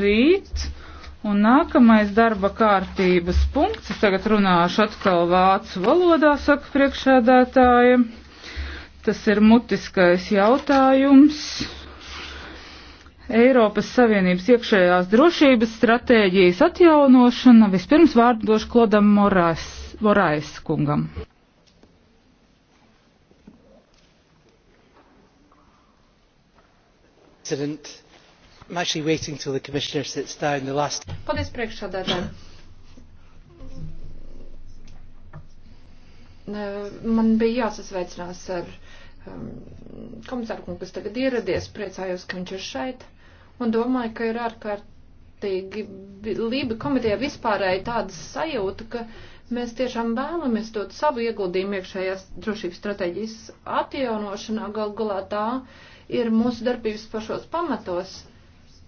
rīt. Un nākamais darba kārtības punkts, es tagad runāšu atkal vācu valodā, saka priekšādātāja. Tas ir mutiskais jautājums. Eiropas Savienības iekšējās drošības stratēģijas atjaunošana. Vispirms vārdu došu Klodam Morais, Morais kungam. President Last... Paldies priekšsādātājiem. Man bija jāsasveicinās ar um, komisāru kungu, kas tagad ieradies, priecājos, ka viņš ir šeit, un domāju, ka ir ārkārtīgi Lība komitejā vispārēji tāda sajūta, ka mēs tiešām vēlamies dot savu ieguldījumu iekšējās drošības stratēģijas atjaunošanā, gal galā tā ir mūsu darbības pašos pamatos.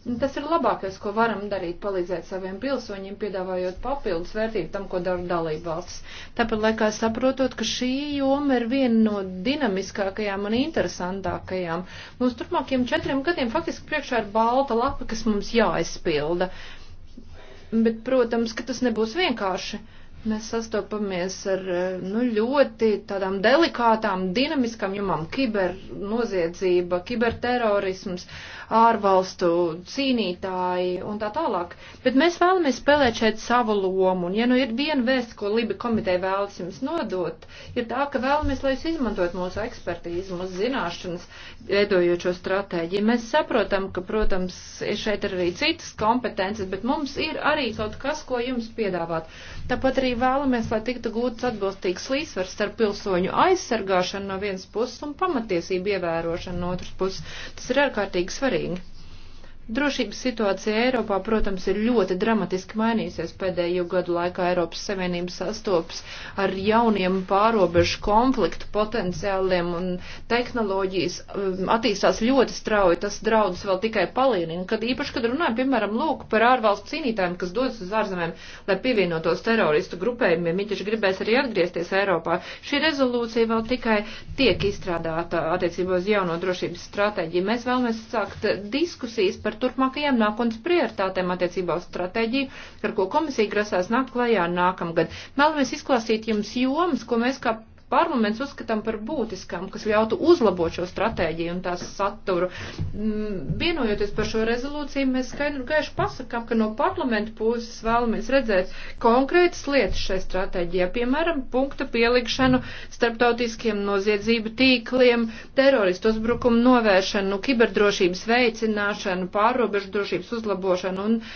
Nu, tas ir labākais, ko varam darīt, palīdzēt saviem pilsoņiem, piedāvājot papildus vērtību tam, ko dara dalība valsts. Tāpat laikā saprotot, ka šī joma ir viena no dinamiskākajām un interesantākajām. Mums turpmākiem četriem gadiem faktiski priekšā ir balta lapa, kas mums jāaizpilda. Bet, protams, ka tas nebūs vienkārši. Mēs sastopamies ar nu, ļoti tādām delikātām, dinamiskām jomām - kibernoziedzība, kiberterorisms, ārvalstu cīnītāji un tā tālāk. Bet mēs vēlamies spēlēt šeit savu lomu, un ja nu ir viena vēsts, ko Liba komiteja vēlas jums nodot, ir tā, ka vēlamies, lai jūs izmantot mūsu ekspertīzi, mūsu zināšanas, veidojot šo stratēģiju. Mēs saprotam, ka, protams, šeit ir arī citas kompetences, bet mums ir arī kaut kas, ko jums piedāvāt. Tāpat arī vēlamies, lai tiktu gūtas atbilstīgs līdzsvars starp pilsoņu aizsargāšanu no vienas puses un pamatiesību ievērošanu no otras puses. Tas ir ārkārtīgi svarīgi svarīgi. Drošības situācija Eiropā, protams, ir ļoti dramatiski mainīsies pēdējo gadu laikā. Eiropas Savienība sastopas ar jauniem pārobežu konfliktu potenciāliem un tehnoloģijas um, attīstās ļoti strauji. Tas draudus vēl tikai palielina, kad īpaši, kad runājam, piemēram, lūk par ārvalstu cīnītājiem, kas dodas uz ārzemēm, lai pievienotos teroristu grupējumiem, viņi taču gribēs arī atgriezties Eiropā. Šī rezolūcija vēl tikai tiek izstrādāta attiecībā uz jauno drošības stratēģiju. Mēs vēlamies sākt diskusijas par par turpmākajām nākotnes prioritātēm attiecībā uz stratēģiju, ar ko komisija grasās nākt klajā nākamgad. Mēlamies izklāstīt jums jomas, ko mēs kā parlaments uzskatām par būtiskām, kas ļautu uzlabot šo stratēģiju un tās saturu. Mm, vienojoties par šo rezolūciju, mēs skaidru gaišu pasakām, ka no parlamenta puses vēlamies redzēt konkrētas lietas šai stratēģijā, piemēram, punktu pielikšanu starptautiskiem noziedzību tīkliem, teroristu uzbrukumu novēršanu, kiberdrošības veicināšanu, pārrobežu drošības uzlabošanu un uh,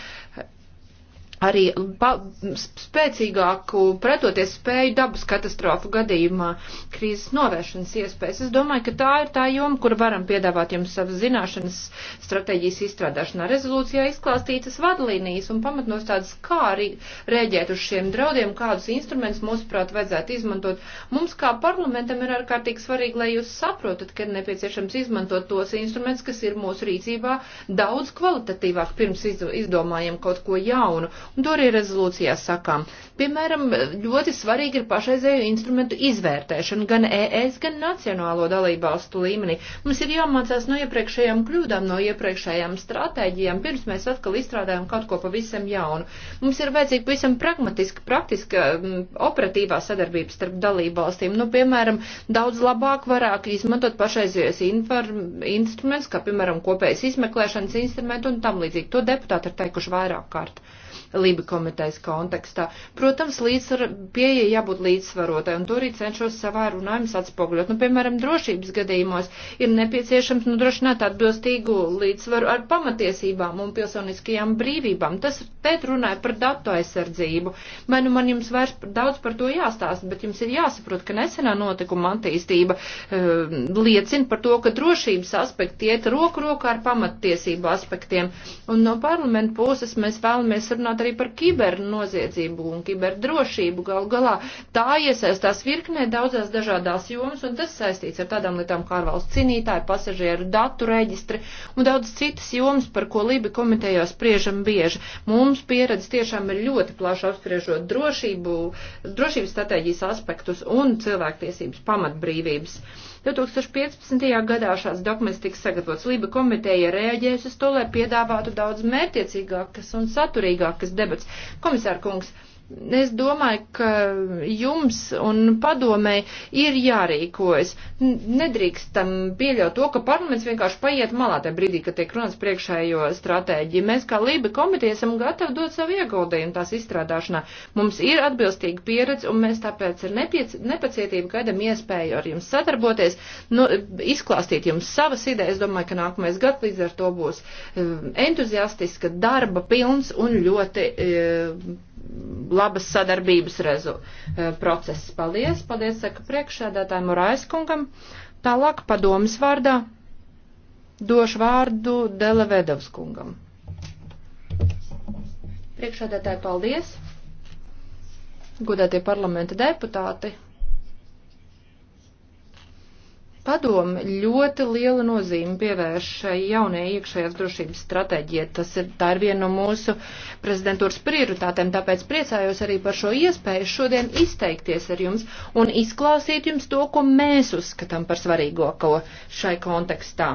arī pa, spēcīgāku pretoties spēju dabas katastrofu gadījumā, krīzes novēršanas iespējas. Es domāju, ka tā ir tā joma, kur varam piedāvāt jums savas zināšanas stratēģijas izstrādāšanā. Rezolūcijā izklāstītas vadlīnijas un pamatnostādes, kā arī rēģēt uz šiem draudiem, kādus instrumentus mūsuprāt vajadzētu izmantot. Mums kā parlamentam ir ārkārtīgi svarīgi, lai jūs saprotat, ka ir nepieciešams izmantot tos instrumentus, kas ir mūsu rīcībā daudz kvalitatīvāk pirms izdomājam kaut ko jaunu un to arī rezolūcijā sakām. Piemēram, ļoti svarīgi ir pašreizēju instrumentu izvērtēšana gan ES, gan nacionālo dalībvalstu līmenī. Mums ir jāmācās no iepriekšējām kļūdām, no iepriekšējām stratēģijām, pirms mēs atkal izstrādājam kaut ko pavisam jaunu. Mums ir vajadzīga pavisam pragmatiska, praktiska, operatīvā sadarbība starp dalībvalstīm. Nu, piemēram, daudz labāk varētu izmantot pašreizējos instruments, kā piemēram kopējas izmeklēšanas instrumentu un tam līdzīgi. To deputāti ir teikuši vairāk kārt. Uh, Liba komitejas kontekstā. Protams, līdzsvar, pieeja jābūt līdzsvarotai, un to arī cenšos savā runājums atspogļot. Nu, piemēram, drošības gadījumos ir nepieciešams nodrošināt nu, atbilstīgu līdzsvaru ar pamatiesībām un pilsoniskajām brīvībām. Tas te runāja par datu aizsardzību. Vai nu man jums vairs daudz par to jāstāsta, bet jums ir jāsaprot, ka nesenā notikuma attīstība uh, liecina par to, ka drošības aspekti iet roku rokā ar pamattiesību aspektiem. Un no parlamenta puses mēs vēlamies runāt runāt arī par kibernoziedzību un kiberdrošību. Gal galā tā iesaistās virknē daudzās dažādās jomas, un tas saistīts ar tādām lietām kā ārvalstu cīnītāji, pasažieru datu reģistri un daudz citas jomas, par ko Libi komitejā spriežam bieži. Mums pieredze tiešām ir ļoti plaša apspriežot drošību, drošības stratēģijas aspektus un cilvēktiesības pamatbrīvības. 2015. gadā šāds dokuments tika sagatavots. Lība komiteja rēģēs uz to, lai piedāvātu daudz mērķiecīgākas un saturīgākas debats. Komisāra kungs, Es domāju, ka jums un padomē ir jārīkojas. Nedrīkstam pieļaut to, ka parlaments vienkārši paiet malā tajā brīdī, kad tiek runāts priekšējo stratēģiju. Mēs kā Lība komiteja esam gatavi dot savu ieguldījumu tās izstrādāšanā. Mums ir atbilstīga pieredze un mēs tāpēc ar nepacietību gaidam iespēju ar jums sadarboties, no, nu, izklāstīt jums savas idejas. Es domāju, ka nākamais gads līdz ar to būs eh, entuziastiska, darba pilns un ļoti. E, labas sadarbības rezu, e, process. Paldies, paldies, saka priekšsēdētājiem Uraiskungam. Tālāk padomas vārdā došu vārdu Delevedovs kungam. Priekšsēdētāji, paldies. Godētie parlamenta deputāti, Padomu ļoti liela nozīme pievērš šai jaunajai iekšējās drošības stratēģijai. Tas ir, tā ir viena no mūsu prezidentūras prioritātēm, tāpēc priecājos arī par šo iespēju šodien izteikties ar jums un izklāstīt jums to, ko mēs uzskatām par svarīgāko šai kontekstā.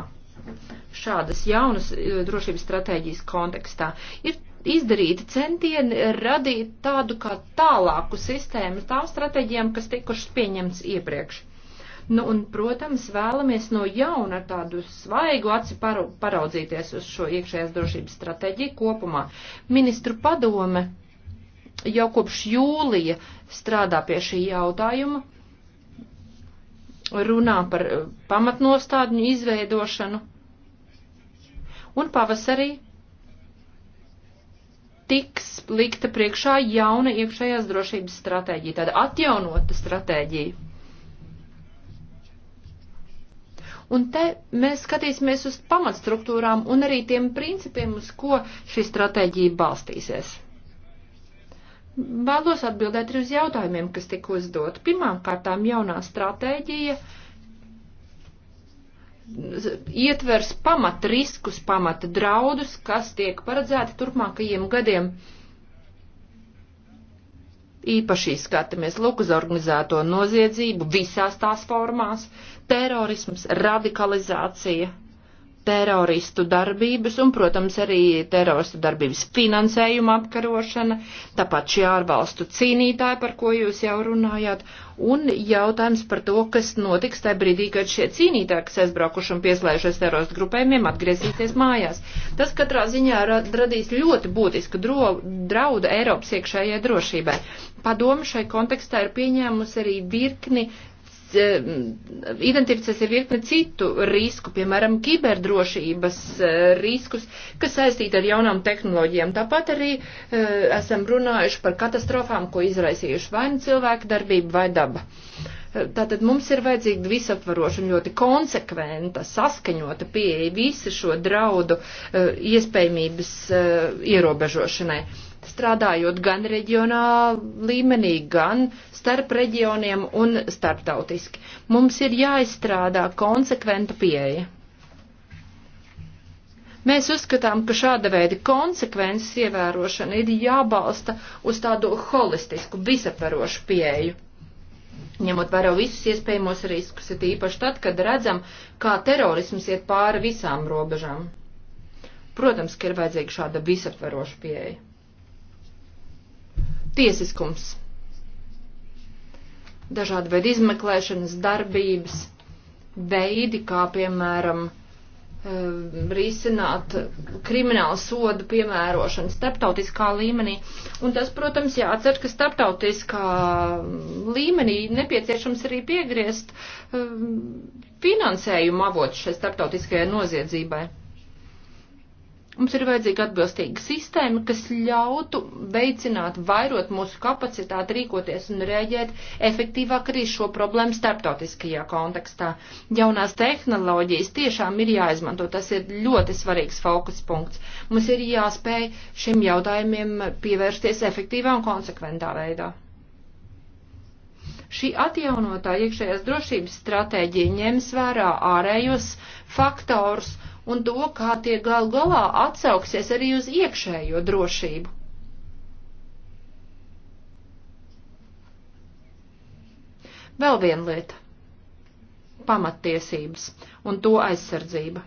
Šādas jaunas e, drošības stratēģijas kontekstā ir izdarīti centieni radīt tādu kā tālāku sistēmu tām stratēģijām, kas tikušas pieņemts iepriekš. Nu, un, protams, vēlamies no jauna tādu svaigu aci paraudzīties uz šo iekšējās drošības stratēģiju kopumā. Ministru padome jau kopš jūlija strādā pie šī jautājuma, runā par eh, pamatnostādņu izveidošanu. Un pavasarī tiks likta priekšā jauna iekšējās drošības stratēģija, tāda atjaunota stratēģija. Un te mēs skatīsimies uz pamatstruktūrām un arī tiem principiem, uz ko šī stratēģija balstīsies. Vēlos atbildēt arī uz jautājumiem, kas tika uzdot. Pirmām kārtām jaunā stratēģija ietvers pamat riskus, pamata draudus, kas tiek paredzēti turpmākajiem gadiem īpaši skatāmies lūk uz organizēto noziedzību visās tās formās, terorisms, radikalizācija, teroristu darbības un, protams, arī teroristu darbības finansējuma apkarošana, tāpat šī ārvalstu cīnītāja, par ko jūs jau runājāt, un jautājums par to, kas notiks tajā brīdī, kad šie cīnītāji, kas aizbraukuši un pieslēgušies teroristu grupējumiem, atgriezīsies mājās. Tas katrā ziņā radīs ļoti būtisku draudu Eiropas iekšējai drošībai. Padoma šai kontekstā ir pieņēmusi arī virkni Eh, identificēs ar virkni citu risku, piemēram, kiberdrošības eh, riskus, kas saistīti ar jaunām tehnoloģijām. Tāpat arī eh, esam runājuši par katastrofām, ko izraisījuši vai nu cilvēku darbība vai daba. Tātad mums ir vajadzīga visaptvaroša un ļoti konsekventa, saskaņota pieeja visu šo draudu iespējamības ierobežošanai strādājot gan reģionā līmenī, gan starp reģioniem un starptautiski. Mums ir jāizstrādā konsekventa pieeja. Mēs uzskatām, ka šāda veida konsekvences ievērošana ir jābalsta uz tādu holistisku, visaparošu pieeju. Ņemot vērā visus iespējamos riskus, ir īpaši tad, kad redzam, kā terorisms iet pāri visām robežām. Protams, ka ir vajadzīga šāda visaparoša pieeja tiesiskums, dažādi veidi izmeklēšanas darbības, veidi, kā piemēram eh, risināt kriminālu sodu piemērošanu starptautiskā līmenī. Un tas, protams, jāatcer, ka starptautiskā līmenī nepieciešams arī piegriezt eh, finansējumu avotu šai starptautiskajai noziedzībai. Mums ir vajadzīga atbilstīga sistēma, kas ļautu veicināt, vairot mūsu kapacitāti rīkoties un rēģēt efektīvāk arī šo problēmu starptautiskajā kontekstā. Jaunās tehnoloģijas tiešām ir jāizmanto, tas ir ļoti svarīgs fokus punkts. Mums ir jāspēj šiem jautājumiem pievērsties efektīvā un konsekventā veidā. Šī atjaunotā iekšējās drošības stratēģija ņems vērā ārējos faktors, uh, un to, kā tie gal galā atsauksies arī uz iekšējo drošību. Vēl viena lieta - pamattiesības un to aizsardzība.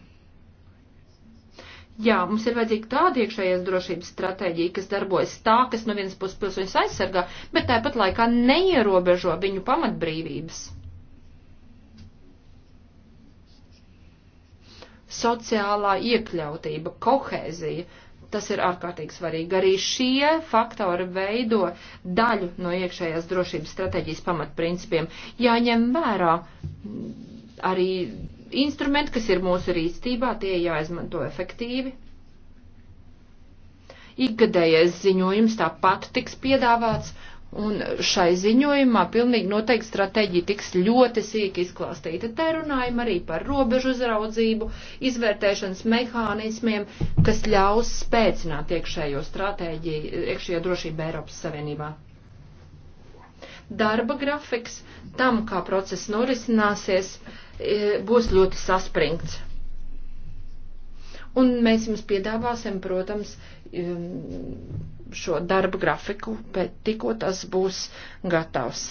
Jā, mums ir vajadzīga tāda iekšējās drošības stratēģija, kas darbojas tā, kas no vienas puses pilsoņus aizsargā, bet tāpat laikā neierobežo viņu pamatbrīvības. sociālā iekļautība, kohēzija. Tas ir ārkārtīgi svarīgi. Arī šie faktori veido daļu no iekšējās drošības stratēģijas pamatprincipiem. Jāņem vērā arī instrumenti, kas ir mūsu rīcībā, tie jāizmanto efektīvi. Ikgadējais ziņojums tāpat tiks piedāvāts Un šai ziņojumā pilnīgi noteikti stratēģija tiks ļoti sīki izklāstīta. Te runājam arī par robežu uzraudzību, izvērtēšanas mehānismiem, kas ļaus spēcināt iekšējo stratēģiju, iekšējo drošību Eiropas Savienībā. Darba grafiks tam, kā process norisināsies, e, būs ļoti saspringts. Un mēs jums piedāvāsim, protams, Um, šo darbu grafiku, bet tikko tas būs gatavs.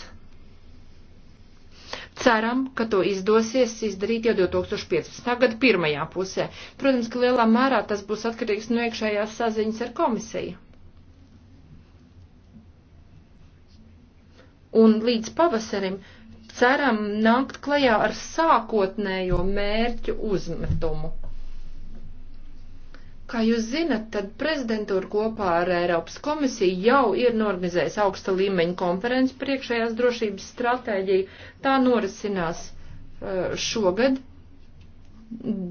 Ceram, ka to izdosies izdarīt jau 2015. gada pirmajā pusē. Protams, ka lielā mērā tas būs atkarīgs no iekšējās saziņas ar komisiju. Un līdz pavasarim ceram nākt klajā ar sākotnējo mērķu uzmetumu. Kā jūs zinat, tad prezidentūra kopā ar Eiropas komisiju jau ir norganizējusi augsta līmeņa konferenci priekšējās drošības stratēģiju. Tā norisinās eh, šogad.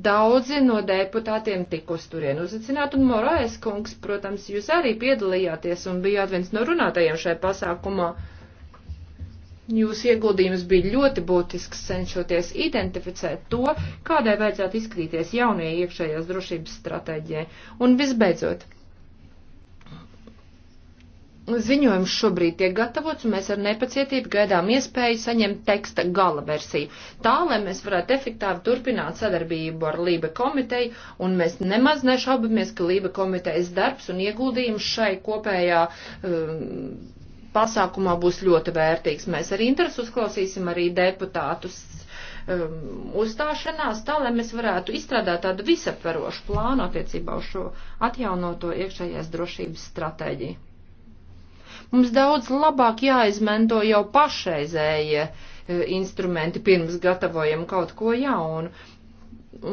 Daudzi no deputātiem tik uz turien uzicināti, un Morais kungs, protams, jūs arī piedalījāties un bijāt viens no runātajiem šajā pasākumā. Uh, Jūsu ieguldījums bija ļoti būtisks, cenšoties identificēt to, kādai vajadzētu izskatīties jaunajai iekšējās drošības stratēģijai. Un visbeidzot, ziņojums šobrīd tiek gatavots, un mēs ar nepacietību gaidām iespēju saņemt teksta gala versiju, tā, lai mēs varētu efektīvi turpināt sadarbību ar Lība komiteju, un mēs nemaz nešaubamies, ka Lība komitejas darbs un ieguldījums šai kopējā. Um, pasākumā būs ļoti vērtīgs. Mēs ar interesi uzklausīsim arī deputātus um, uzstāšanās, tā lai mēs varētu izstrādāt tādu visaptverošu plānu attiecībā uz šo atjaunoto iekšējās drošības stratēģiju. Mums daudz labāk jāizmanto jau pašreizējie e, instrumenti, pirms gatavojam kaut ko jaunu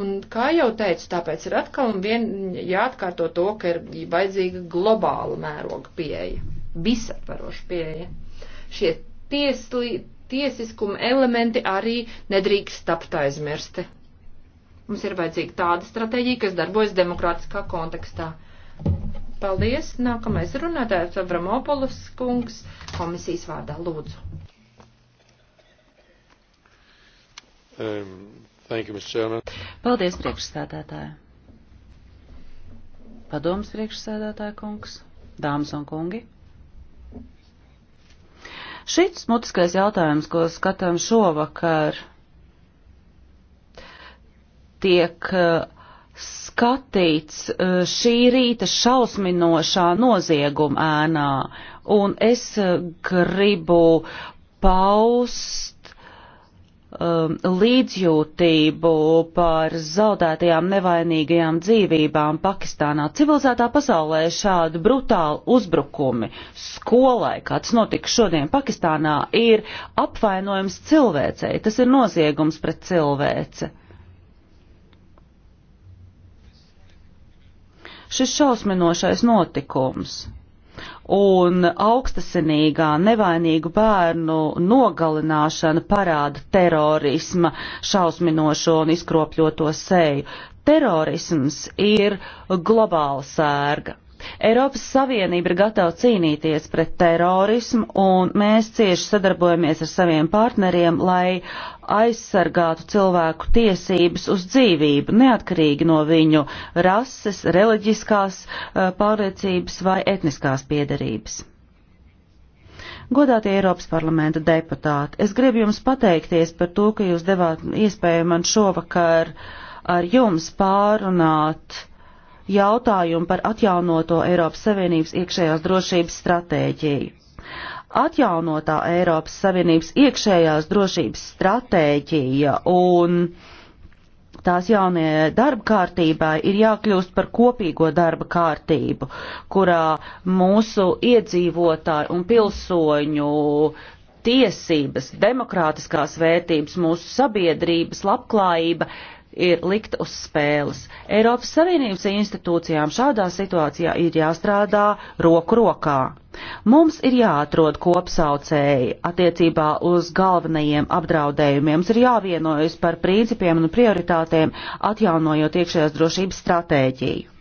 un kā jau teicu, tāpēc ir atkal un vien jāatkārto to, ka ir vajadzīga globāla mēroga pieeja visaptvaroša pieeja. Šie tiesli, tiesiskuma elementi arī nedrīkst tapt aizmirsti. Mums ir vajadzīga tāda stratēģija, kas darbojas demokrātiskā kontekstā. Paldies. Nākamais runātājs Avramopolis kungs komisijas vārdā. Lūdzu. Um, thank you, Mr. Chairman. Paldies, priekšsēdētāji. Padoms priekšsēdētāja kungs, dāmas un kungi. Šis mutiskais jautājums, ko skatām šovakar, tiek eh, skatīts eh, šī rīta šausminošā nozieguma ēnā, un es eh, gribu paust um, līdzjūtību par zaudētajām nevainīgajām dzīvībām Pakistānā. Civilizētā pasaulē šādi brutāli uzbrukumi skolai, kāds notika šodien Pakistānā, ir apvainojums cilvēcei. Tas ir noziegums pret cilvēci. Šis šausminošais notikums un augstasinīgā nevainīgu bērnu nogalināšana parāda terorisma šausminošo un izkropļoto seju. Terorisms ir globāla sērga. Eiropas Savienība ir gatava cīnīties pret terorismu, un mēs cieši sadarbojamies ar saviem partneriem, lai aizsargātu cilvēku tiesības uz dzīvību, neatkarīgi no viņu rases, reliģiskās eh, pārliecības vai etniskās piedarības. Godātie Eiropas parlamenta deputāti, es gribu jums pateikties par to, ka jūs devāt iespēju man šovakar ar jums pārunāt jautājumu par atjaunoto Eiropas Savienības iekšējās drošības stratēģiju atjaunotā Eiropas Savienības iekšējās drošības stratēģija un tās jaunie darba kārtībai ir jākļūst par kopīgo darba kārtību, kurā mūsu iedzīvotāju un pilsoņu tiesības, demokrātiskās vērtības, mūsu sabiedrības labklājība ir likt uz spēles. Eiropas Savienības institūcijām šādā situācijā ir jāstrādā roku rokā. Mums ir jāatrod kopsaucēji attiecībā uz galvenajiem apdraudējumiem. Mums ir jāvienojas par principiem un prioritātēm, atjaunojot iekšējās drošības stratēģiju.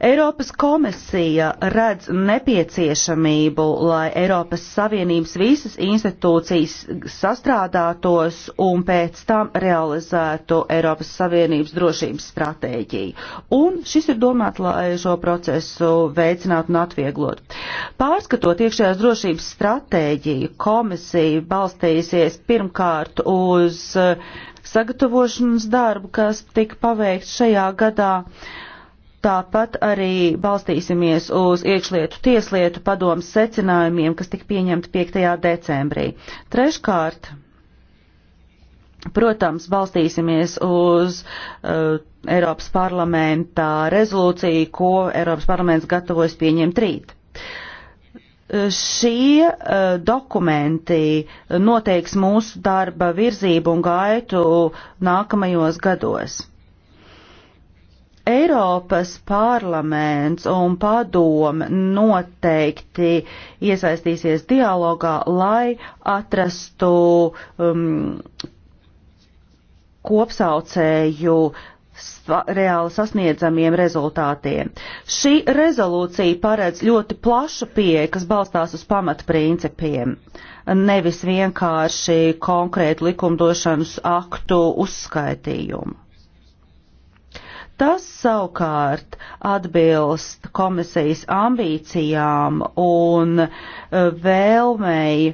Eiropas komisija redz nepieciešamību, lai Eiropas Savienības visas institūcijas sastrādātos un pēc tam realizētu Eiropas Savienības drošības stratēģiju. Un šis ir domāts, lai šo procesu veicinātu un atvieglotu. Pārskatot iekšējās drošības stratēģiju, komisija balstīsies pirmkārt uz eh, sagatavošanas darbu, kas tika paveikts šajā gadā. Uh, Tāpat arī balstīsimies uz iekšlietu tieslietu padomas secinājumiem, kas tika pieņemti 5. decembrī. Treškārt, protams, balstīsimies uz uh, Eiropas parlamentā rezolūciju, ko Eiropas parlaments gatavojas pieņemt rīt. Uh, šie uh, dokumenti noteiks mūsu darba virzību un gaitu nākamajos gados. Eiropas parlaments un padome noteikti iesaistīsies dialogā, lai atrastu um, kopsaucēju reāli sasniedzamiem rezultātiem. Šī rezolūcija paredz ļoti plašu pieeju, kas balstās uz pamatprincipiem, nevis vienkārši konkrētu likumdošanas aktu uzskaitījumu. Tas savukārt atbilst komisijas ambīcijām un e, vēlmei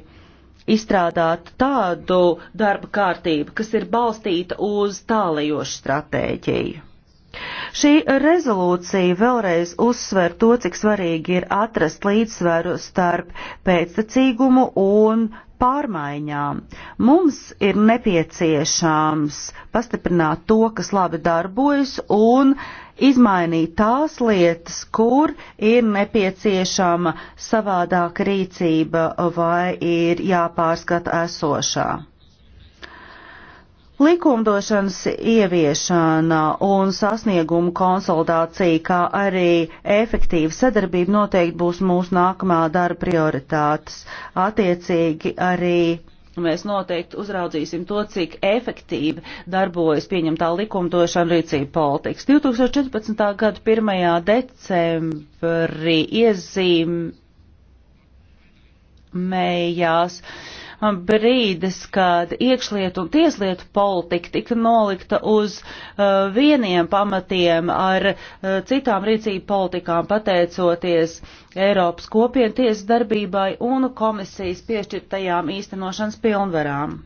izstrādāt tādu darba kārtību, kas ir balstīta uz tālajošu stratēģiju. Šī rezolūcija vēlreiz uzsver to, cik svarīgi ir atrast līdzsveru starp pēctecīgumu un pārmaiņām. Mums ir nepieciešams pastiprināt to, kas labi darbojas, un izmainīt tās lietas, kur ir nepieciešama savādāka rīcība vai ir jāpārskata esošā. Likumdošanas ieviešana un sasniegumu konsolidācija, kā arī efektīva sadarbība noteikti būs mūsu nākamā darba prioritātes. Attiecīgi arī mēs noteikti uzraudzīsim to, cik efektīvi darbojas pieņemtā likumdošana rīcība politikas. 2014. gada 1. decembrī iezīmējās Um, brīdis, kad iekšlietu un tieslietu politika tika nolikta uz uh, vieniem pamatiem ar uh, citām rīcību politikām, pateicoties Eiropas kopienu tiesas darbībai un komisijas piešķirtajām īstenošanas pilnvarām.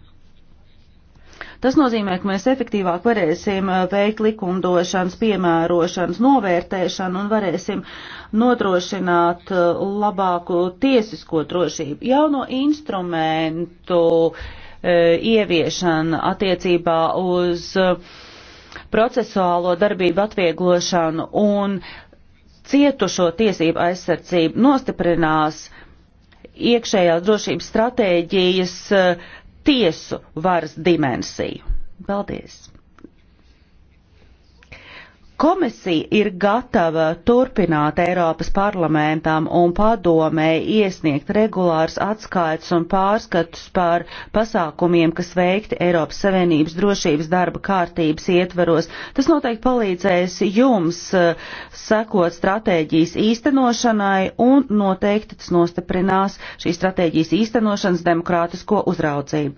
Tas nozīmē, ka mēs efektīvāk varēsim uh, veikt likumdošanas, piemērošanas, novērtēšanu un varēsim nodrošināt uh, labāku tiesisko drošību. Jauno instrumentu e, ieviešana attiecībā uz procesuālo darbību atvieglošanu un cietušo tiesību aizsardzību nostiprinās iekšējās drošības stratēģijas uh, tiesu varas dimensiju. Paldies! Komisija ir gatava turpināt Eiropas parlamentam un padomē iesniegt regulārs atskaits un pārskatus par pasākumiem, kas veikti Eiropas Savienības drošības darba kārtības ietvaros. Tas noteikti palīdzēs jums eh, sekot stratēģijas īstenošanai un noteikti tas nostiprinās šīs stratēģijas īstenošanas demokrātisko uzraudzību.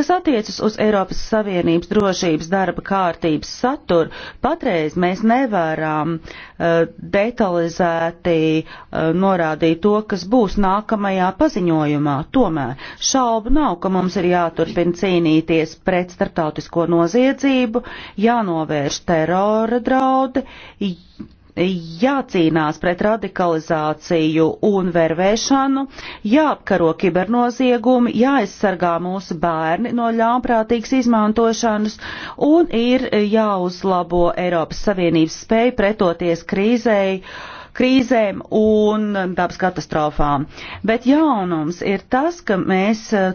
Kas attiecas uz Eiropas Savienības drošības darba kārtības saturu, patreiz mēs mēs nevaram eh, detalizēti eh, norādīt to, kas būs nākamajā paziņojumā. Tomēr šaubu nav, ka mums ir jāturpina cīnīties pret starptautisko noziedzību, jānovērš terora draudi, jācīnās pret radikalizāciju un vervēšanu, jāapkaro kibernoziegumi, jāaizsargā mūsu bērni no ļaunprātīgas izmantošanas un ir jāuzlabo Eiropas Savienības spēja pretoties krīzei krīzēm un dabas katastrofām. Bet jaunums ir tas, ka mēs eh,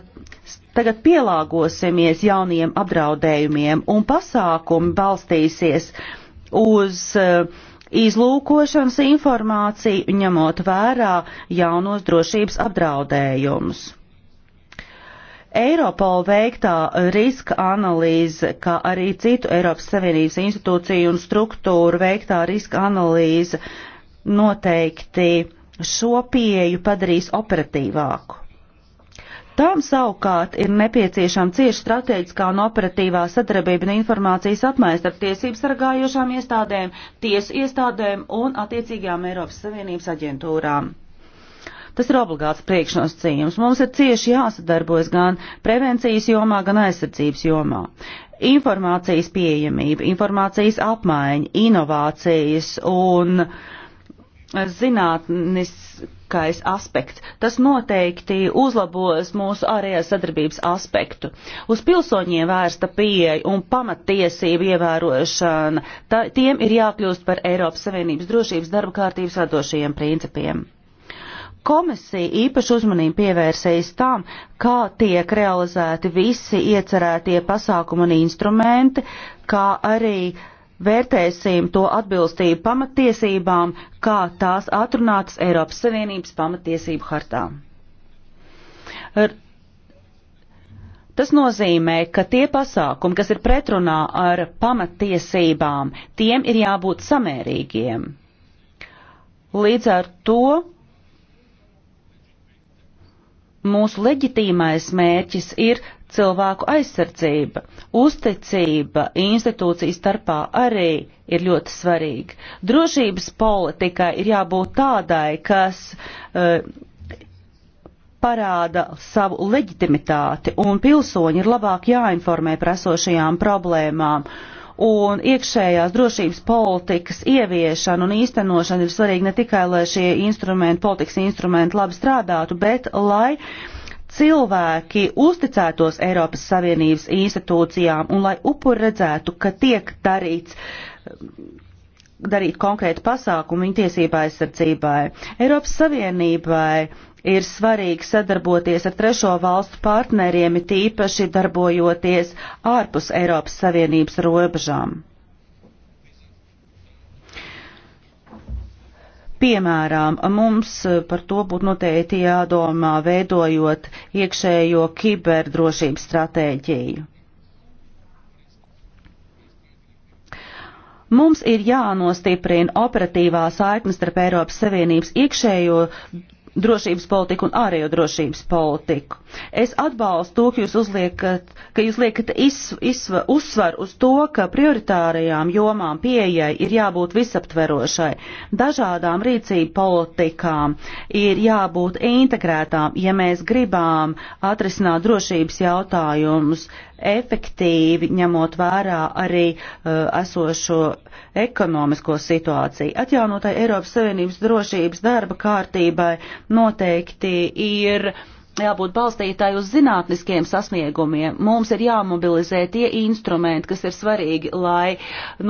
tagad pielāgosimies jauniem apdraudējumiem un pasākumi balstīsies uz uh, izlūkošanas informāciju, ņemot vērā jaunos drošības apdraudējumus. Eiropola veiktā riska analīze, kā arī citu Eiropas Savienības institūciju un struktūru veiktā riska analīze noteikti šo pieju padarīs operatīvāku. Tām savukārt ir nepieciešama cieša strateģiskā un operatīvā sadarbība un informācijas apmaiņa starp tiesību sargājošām iestādēm, tiesu iestādēm un attiecīgajām Eiropas Savienības aģentūrām. Tas ir obligāts priekšnosacījums. Mums ir cieši jāsadarbojas gan prevencijas jomā, gan aizsardzības jomā. Informācijas pieejamība, informācijas apmaiņa, inovācijas un uh, zinātniskais aspekts. Tas noteikti uzlabos mūsu ārējās sadarbības aspektu. Uz pilsoņiem vērsta pieeja un pamattiesība ievērošana, tā, tiem ir jākļūst par Eiropas Savienības drošības darba kārtības vadošajiem principiem. Komisija īpaši uzmanību pievērsējas tam, kā tiek realizēti visi iecerētie pasākumi un instrumenti, kā arī uh, vērtēsim to atbilstību pamatiesībām, kā tās atrunātas Eiropas Savienības pamatiesību hartā. Ar Tas nozīmē, ka tie pasākumi, kas ir pretrunā ar pamatiesībām, tiem ir jābūt samērīgiem. Līdz ar to mūsu leģitīmais mērķis ir cilvēku aizsardzība, uzticība institūciju starpā arī ir ļoti svarīga. Drošības politikai ir jābūt tādai, kas uh, parāda savu leģitimitāti un pilsoņi ir labāk jāinformē par esošajām problēmām. Un iekšējās drošības politikas ieviešana un īstenošana ir svarīga ne tikai, lai šie instrumenti, politikas instrumenti labi strādātu, bet lai uh, cilvēki uzticētos Eiropas Savienības institūcijām un lai upuri redzētu, ka tiek darīts darīt konkrētu pasākumu viņa tiesībā aizsardzībai. Eiropas Savienībai ir svarīgi sadarboties ar trešo valstu partneriem, it īpaši darbojoties ārpus Eiropas Savienības robežām. Piemēram, mums e, par to būtu noteikti jādomā, veidojot iekšējo kiberdrošības stratēģiju. Mums ir jānostiprina operatīvā saikne starp Eiropas Savienības iekšējo drošības politiku un ārējo drošības politiku. Es atbalstu to, ka jūs uzliekat, ka jūs liekat iz, iz, uzsvar uz to, ka prioritārajām jomām pieejai ir jābūt visaptverošai. Dažādām rīcību politikām ir jābūt integrētām, ja mēs gribām atrisināt drošības jautājumus efektīvi, ņemot vērā arī uh, esošo ekonomisko situāciju. Atjaunotai Eiropas Savienības drošības darba kārtībai noteikti ir jābūt balstītāji uz zinātniskiem sasniegumiem. Mums ir jāmobilizē tie instrumenti, kas ir svarīgi, lai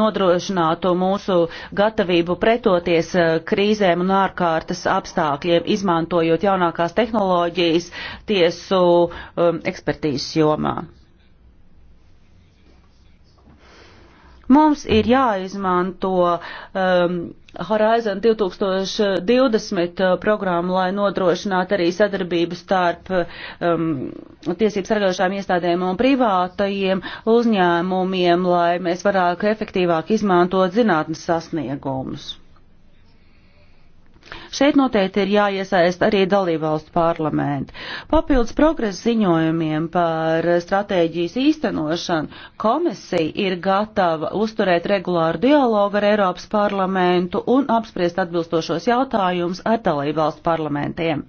nodrošinātu mūsu gatavību pretoties uh, krīzēm un ārkārtas apstākļiem, izmantojot jaunākās tehnoloģijas tiesu um, ekspertīzes jomā. Mums ir jāizmanto um, Horizon 2020 uh, programmu, lai nodrošinātu arī sadarbību starp um, tiesību sargājušām iestādēm un privātajiem uzņēmumiem, lai mēs varētu efektīvāk izmantot zinātnes sasniegumus. Šeit noteikti ir jāiesaist arī dalībvalstu parlamenti. Papildus progresa ziņojumiem par stratēģijas īstenošanu komisija ir gatava uzturēt regulāru dialogu ar Eiropas parlamentu un apspriest atbilstošos jautājumus ar dalībvalstu parlamentiem.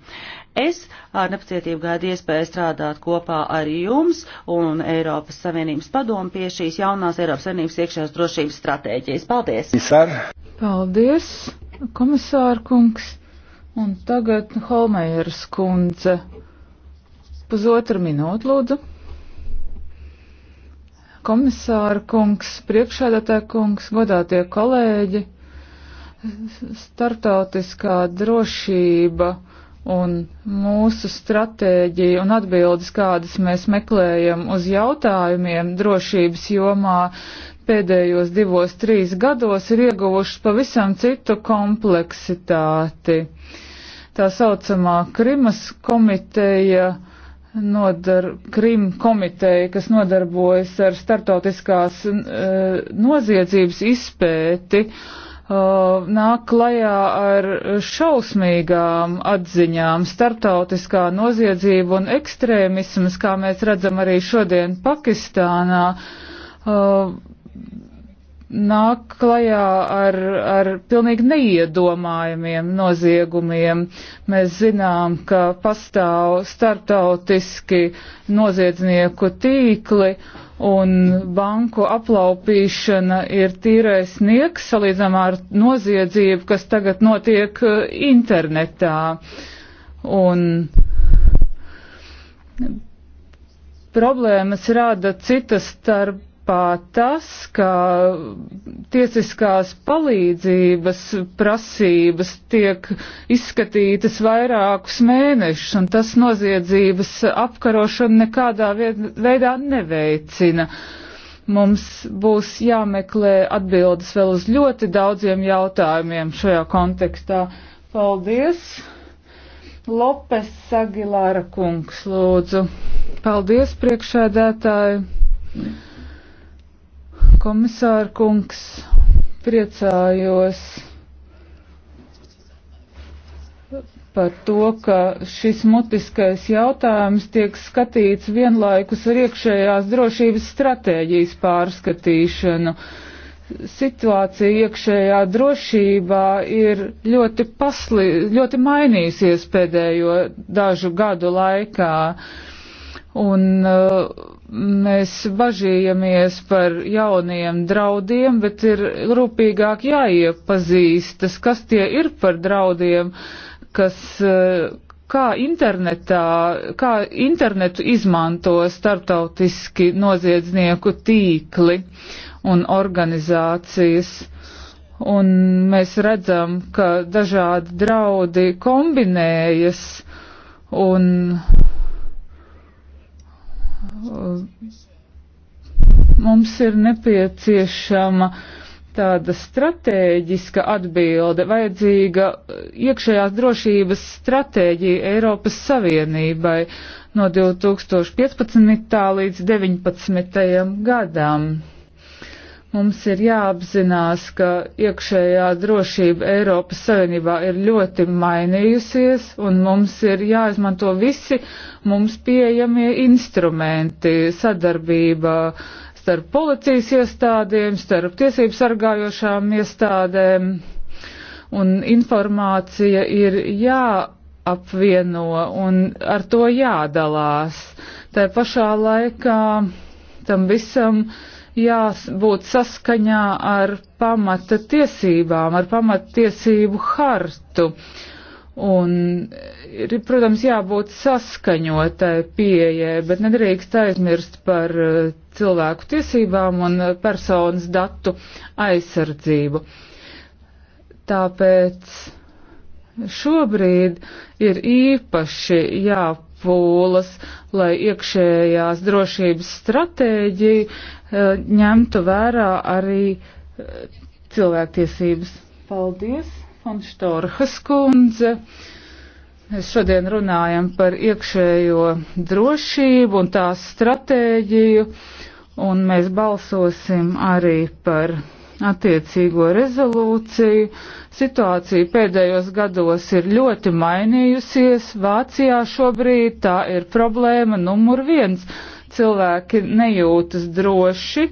Es ar nepacietību gaidu iespēju strādāt kopā ar jums un Eiropas Savienības padomu pie šīs jaunās Eiropas Savienības iekšējās drošības stratēģijas. Paldies! Paldies! komisārkungs, un tagad Holmēras kundze. Pusotru minūtu lūdzu. Komisāra kungs, priekšādātā kungs, godātie kolēģi, startautiskā drošība un mūsu stratēģija un atbildes, kādas mēs meklējam uz jautājumiem drošības jomā, pēdējos divos, trīs gados ir ieguvušas pavisam citu kompleksitāti. Tā saucamā Krimas komiteja, nodar, Krim komiteja, kas nodarbojas ar startautiskās e, noziedzības izpēti, nāk klajā ar šausmīgām atziņām starptautiskā noziedzība un ekstrēmisms, kā mēs redzam arī šodien Pakistānā. Uh, nāk klajā ar, ar pilnīgi neiedomājumiem noziegumiem. Mēs zinām, ka pastāv starptautiski noziedznieku tīkli un banku aplaupīšana ir tīrais nieks salīdzinām ar noziedzību, kas tagad notiek uh, internetā. Un problēmas rada citas starp Eiropā tas, ka tiesiskās palīdzības prasības tiek izskatītas vairākus mēnešus, un tas noziedzības apkarošanu nekādā veidā neveicina. Mums būs jāmeklē atbildes vēl uz ļoti daudziem jautājumiem šajā kontekstā. Paldies! Lopes Sagilāra kungs, lūdzu. Paldies, priekšēdētāji. Yeah. Komisāra kungs, priecājos par to, ka šis mutiskais jautājums tiek skatīts vienlaikus ar iekšējās drošības stratēģijas pārskatīšanu. Situācija iekšējā drošībā ir ļoti, pasli, ļoti mainījusies pēdējo dažu gadu laikā. Uh, un uh, mēs bažījamies par jauniem draudiem, bet ir rūpīgāk jāiepazīstas, kas tie ir par draudiem, kas, uh, kā internetā, kā internetu izmanto starptautiski noziedznieku tīkli un organizācijas. Un mēs redzam, ka dažādi draudi kombinējas un mums ir nepieciešama tāda stratēģiska atbilde, vajadzīga iekšējās drošības stratēģija Eiropas Savienībai no 2015. līdz 2019. gadam. Mums ir jāapzinās, ka iekšējā drošība Eiropas Savienībā ir ļoti mainījusies, un mums ir jāizmanto visi mums pieejamie instrumenti - sadarbība starp policijas iestādēm, starp tiesību sargājošām iestādēm, un informācija ir jāapvieno un ar to jādalās. Tā pašā laikā tam visam jābūt saskaņā ar pamata tiesībām, ar pamata tiesību hartu. Un ir, protams, jābūt saskaņotai pieejai, bet nedrīkst aizmirst par eh, cilvēku tiesībām un eh, personas datu aizsardzību. Tāpēc šobrīd ir īpaši jāpūlas, lai iekšējās drošības stratēģiju E, ņemtu vērā arī e, cilvēktiesības. Paldies, Fonštorhas kundze. Mēs šodien runājam par iekšējo drošību un tās stratēģiju, un mēs balsosim arī par attiecīgo rezolūciju. Situācija pēdējos gados ir ļoti mainījusies. Vācijā šobrīd tā ir problēma numur viens cilvēki nejūtas droši,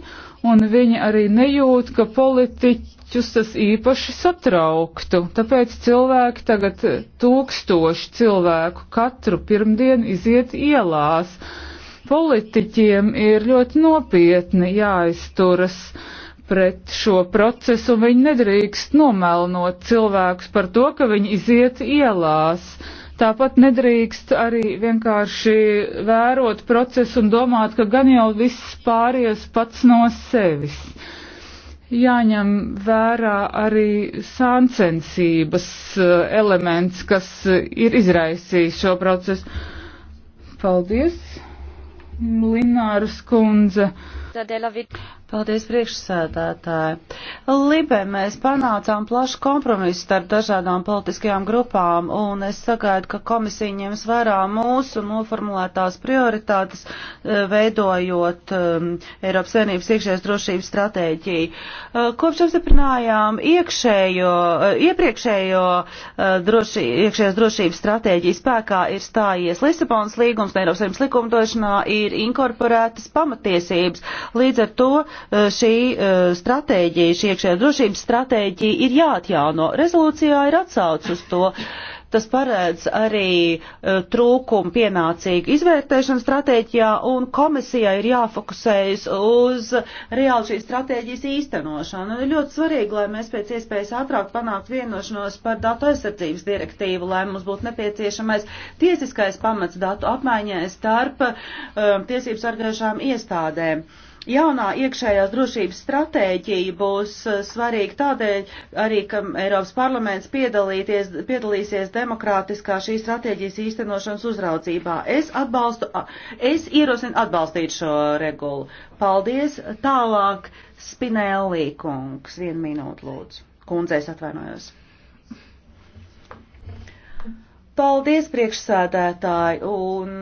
un viņi arī nejūt, ka politiķus tas īpaši satrauktu. Tāpēc cilvēki tagad eh, tūkstoši cilvēku katru pirmdienu iziet ielās. Politiķiem ir ļoti nopietni jāizturas pret šo procesu, un viņi nedrīkst nomelnot cilvēkus par to, ka viņi iziet ielās. Uh, Tāpat nedrīkst arī vienkārši vērot procesu un domāt, ka gan jau viss pāries pats no sevis. Jāņem vērā arī sāncensības eh, elements, kas eh, ir izraisījis šo procesu. Paldies, Lināras kundze. Paldies, priekšsēdētāji. Libē mēs panācām plašu kompromisu starp dažādām politiskajām grupām, un es sagaidu, ka komisija ņems vērā mūsu noformulētās prioritātes, eh, veidojot um, Eiropas Savienības iekšējās drošības stratēģiju. Uh, kopš apstiprinājām iekšējo, uh, iepriekšējo uh, droši, iekšējās drošības stratēģiju spēkā ir stājies Lisabonas līgums, un Eiropas Savienības likumdošanā ir inkorporētas pamatiesības. Līdz ar to Eh, šī eh, stratēģija, šī iekšējā drošības stratēģija ir jāatjauno. Rezolūcijā ir atsauc uz to. Tas paredz arī eh, trūkumu pienācīgu izvērtēšanu stratēģijā, un komisijā ir jāfokusējas uz reāli šīs stratēģijas īstenošanu. Un ir ļoti svarīgi, lai mēs pēc iespējas ātrāk panāktu vienošanos par datu aizsardzības direktīvu, lai mums būtu nepieciešamais tiesiskais pamats datu apmaiņai starp um, tiesības sargājušām iestādēm. Uh, Jaunā iekšējās drošības stratēģija būs uh, svarīga tādēļ arī, ka Eiropas parlaments piedalīsies demokrātiskā šīs stratēģijas īstenošanas uzraudzībā. Es atbalstu, es ierosinu atbalstīt šo regulu. Paldies. Tālāk Spinelli kungs. Vienu minūtu lūdzu. Kundzēs atvainojos. Paldies priekšsēdētāji un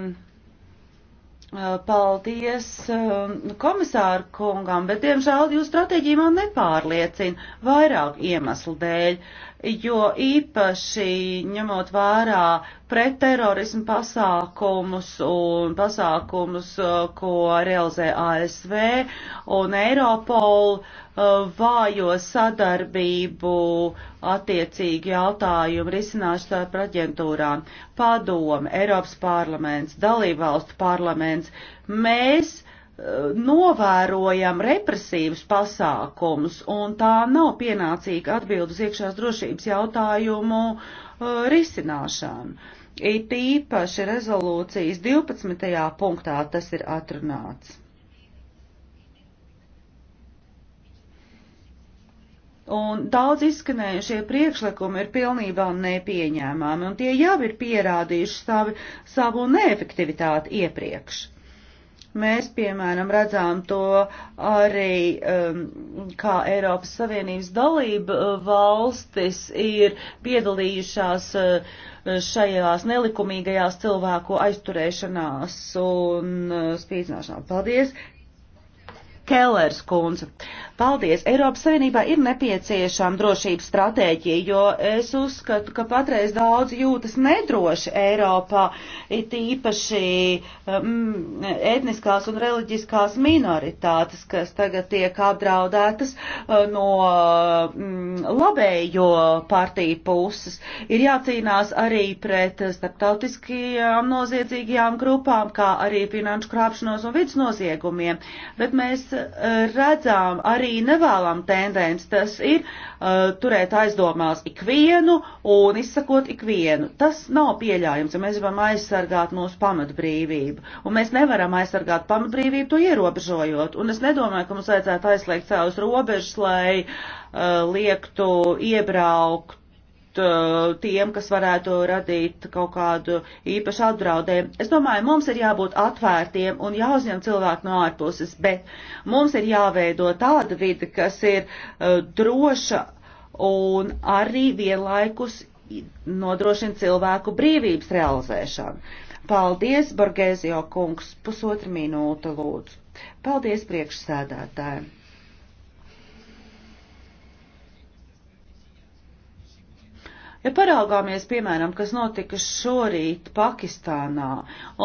Eh, paldies eh, komisāru kungam, bet diemžēl jūs stratēģijā man nepārliecina vairāk iemeslu dēļ jo īpaši ņemot vērā pretterorismu pasākumus un pasākumus, uh, ko realizē ASV un Eiropol uh, vājo sadarbību attiecīgi jautājumu risināšu starp aģentūrām. Padome, Eiropas parlaments, dalībvalstu parlaments, mēs novērojam represīvus pasākumus, un tā nav pienācīga atbild uz iekšās drošības jautājumu uh, risināšanu. It īpaši rezolūcijas 12. punktā tas ir atrunāts. Un daudz izskanējušie priekšlikumi ir pilnībā nepieņēmami, un tie jau ir pierādījuši savu, savu neefektivitāti iepriekš. Mēs, piemēram, redzām to arī, um, kā Eiropas Savienības dalība uh, valstis ir piedalījušās uh, šajās nelikumīgajās cilvēku aizturēšanās un uh, spīdzināšanā. Paldies! Kellers kundze. Uh, Paldies! Eiropas Savienībā ir nepieciešama drošības stratēģija, jo es uzskatu, ka patreiz daudz jūtas nedroši Eiropā, it īpaši um, etniskās un reliģiskās minoritātes, kas tagad tiek apdraudētas uh, no um, labējo partiju puses. Ir jācīnās arī pret starptautiskajām noziedzīgajām grupām, kā arī finanšu krāpšanos un vidas noziegumiem, bet mēs uh, redzām arī arī nevēlam tendence, tas ir uh, turēt aizdomās ikvienu un izsakot ikvienu. Tas nav pieļājums, ja mēs gribam aizsargāt mūsu pamatbrīvību. Un mēs nevaram aizsargāt pamatbrīvību, to ierobežojot. Un es nedomāju, ka mums vajadzētu aizslēgt savus robežas, lai uh, liektu iebraukt Uh, tiem, kas varētu radīt kaut kādu īpašu apdraudējumu. Es domāju, mums ir jābūt atvērtiem un jāuzņem cilvēku no ārpuses, bet mums ir jāveido tāda vide, kas ir uh, droša un arī vienlaikus nodrošina cilvēku brīvības realizēšanu. Paldies, Borgēzio kungs, pusotra minūte lūdzu. Paldies priekšsēdētājiem. Ja paraugāmies, piemēram, kas notika šorīt Pakistānā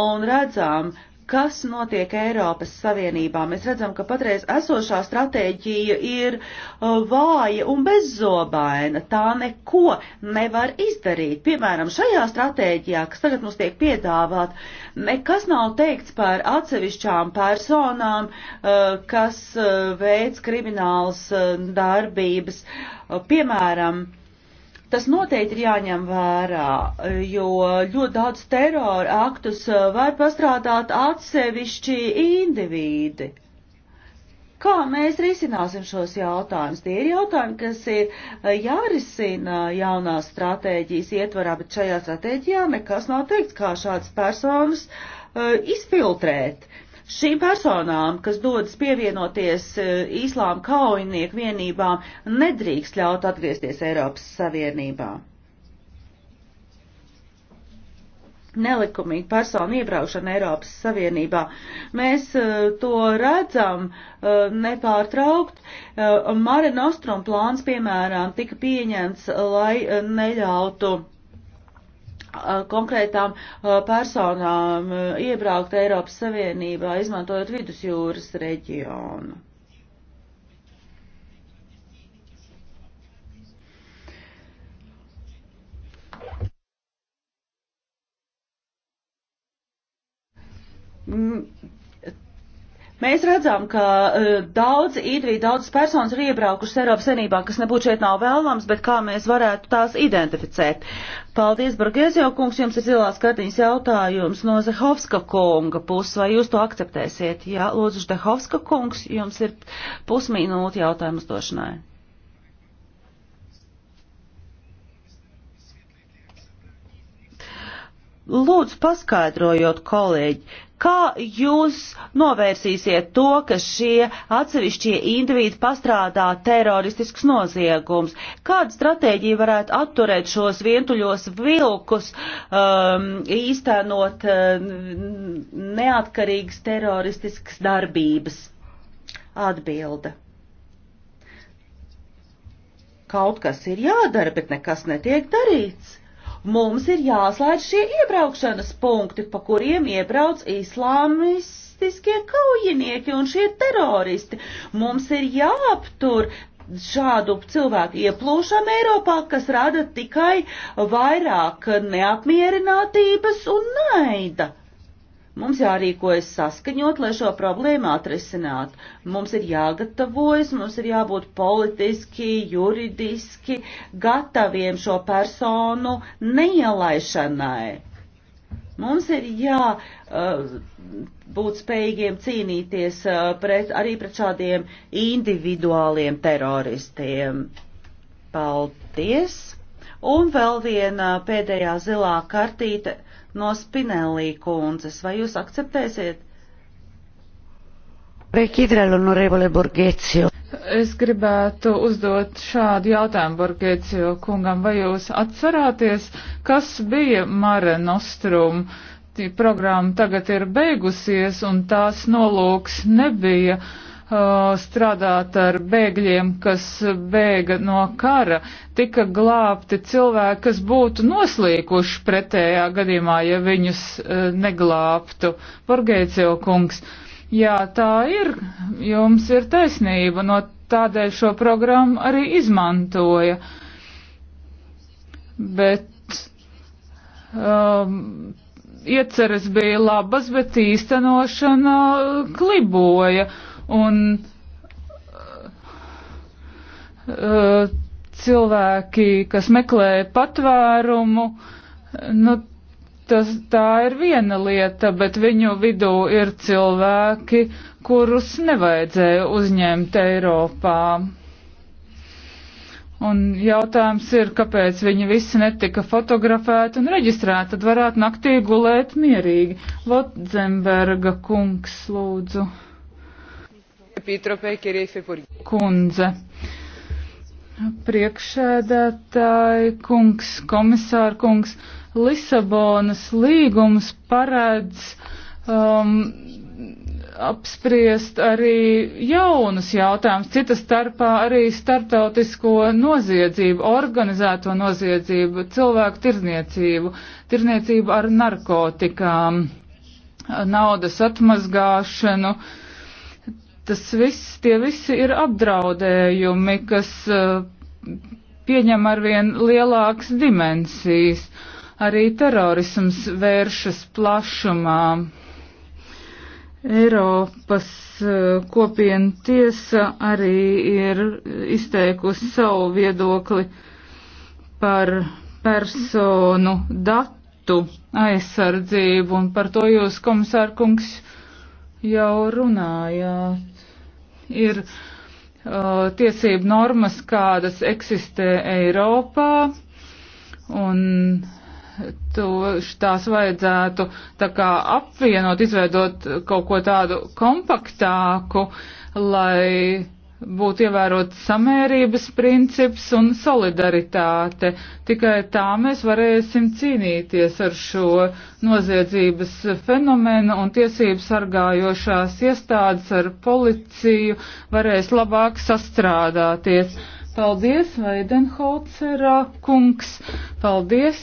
un redzam, kas notiek Eiropas Savienībā. Mēs redzam, ka patreiz esošā stratēģija ir uh, vāja un bezzobaina. Tā neko nevar izdarīt. Piemēram, šajā stratēģijā, kas tagad mums tiek piedāvāt, nekas nav teikts par atsevišķām personām, uh, kas uh, veids kriminālas darbības. Piemēram, Tas noteikti ir jāņem vērā, jo ļoti daudz terora aktus eh, var pastrādāt atsevišķi indivīdi. Kā mēs risināsim šos jautājumus? Tie ir jautājumi, kas ir eh, jārisina jaunās stratēģijas ietvarā, bet šajā stratēģijā nekas nav teikts, kā šādas personas uh, izfiltrēt. Šīm personām, kas dodas pievienoties īslām e, kaujinieku vienībām, nedrīkst ļaut atgriezties Eiropas Savienībā. nelikumīga persona iebraukšana Eiropas Savienībā. Mēs uh, to redzam uh, nepārtraukt. Uh, Mare Nostrum plāns, piemēram, tika pieņemts, lai neļautu konkrētām personām iebraukt Eiropas Savienībā, izmantojot vidusjūras reģionu. Mēs redzam, ka uh, daudz individu, daudz personas ir iebraukušas Eiropas senībā, kas nebūtu šeit nav vēlams, bet kā mēs varētu tās identificēt. Paldies, Borgēzio kungs, jums ir zilās kartiņas jautājums no Zehovska kunga puses, vai jūs to akceptēsiet? Jā, lūdzu, Zehovska kungs, jums ir pusminūte jautājumu uzdošanai. Lūdzu, paskaidrojot, kolēģi, Kā jūs novērsīsiet to, ka šie atsevišķie indivīdi pastrādā teroristisks noziegums? Kāda stratēģija varētu atturēt šos vientuļos vilkus, um, īstenot um, neatkarīgas teroristiskas darbības? Atbilde. Kaut kas ir jādara, bet nekas netiek darīts. Mums ir jāslēdz šie iebraukšanas punkti, pa kuriem iebrauc islāmistiskie kaujinieki un šie teroristi. Mums ir jāaptur šādu cilvēku ieplūšanu Eiropā, kas rada tikai vairāk neapmierinātības un naida. Mums jārīkojas saskaņot, lai šo problēmu atrisinātu. Mums ir jāgatavojas, mums ir jābūt politiski, juridiski gataviem šo personu neielaišanai. Mums ir jā uh, būt spējīgiem cīnīties uh, pret, arī pret šādiem individuāliem teroristiem. Paldies! Un vēl viena pēdējā zilā kartīte no Spinelli kundzes. Vai jūs akceptēsiet? Es gribētu uzdot šādu jautājumu Borgēcijo kungam. Vai jūs atcerāties, kas bija Mare Nostrum? Programma tagad ir beigusies un tās nolūks nebija uh, strādāt ar bēgļiem, kas bēga no kara, tika glābti cilvēki, kas būtu noslīkuši pretējā gadījumā, ja viņus neglābtu. Borgēcio kungs, jā, tā ir, jums ir taisnība, no tādēļ šo programmu arī izmantoja. Bet. Um, Ieceres bija labas, bet īstenošana kliboja. Uh, Un uh, cilvēki, kas meklē patvērumu, nu, tas, tā ir viena lieta, bet viņu vidū ir cilvēki, kurus nevajadzēja uzņemt Eiropā. Un jautājums ir, kāpēc viņi visi netika fotografēti un reģistrēti, tad varētu naktī gulēt mierīgi. Lotzemberga kungs, lūdzu. Kundze. Priekšēdētāji, kungs, komisāra kungs, Lisabonas līgums paredz um, apspriest arī jaunus jautājumus, cita starpā arī starptautisko noziedzību, organizēto noziedzību, cilvēku tirzniecību, tirzniecību ar narkotikām, naudas atmazgāšanu. Uh, tas viss, tie visi ir apdraudējumi, kas eh, pieņem arvien lielākas dimensijas. Arī terorisms vēršas plašumā. Eiropas eh, kopiena tiesa arī ir izteikusi savu viedokli par personu datu aizsardzību, un par to jūs, komisārkungs, jau runājāt ir uh, tiesību normas, kādas eksistē Eiropā, un to, tās vajadzētu tā kā apvienot, izveidot kaut ko tādu kompaktāku, lai būtu ievērot samērības princips un solidaritāte. Tikai tā mēs varēsim cīnīties ar šo noziedzības fenomenu un tiesību sargājošās iestādes ar policiju varēs labāk sastrādāties. Paldies, Veidenholcera kungs! Paldies!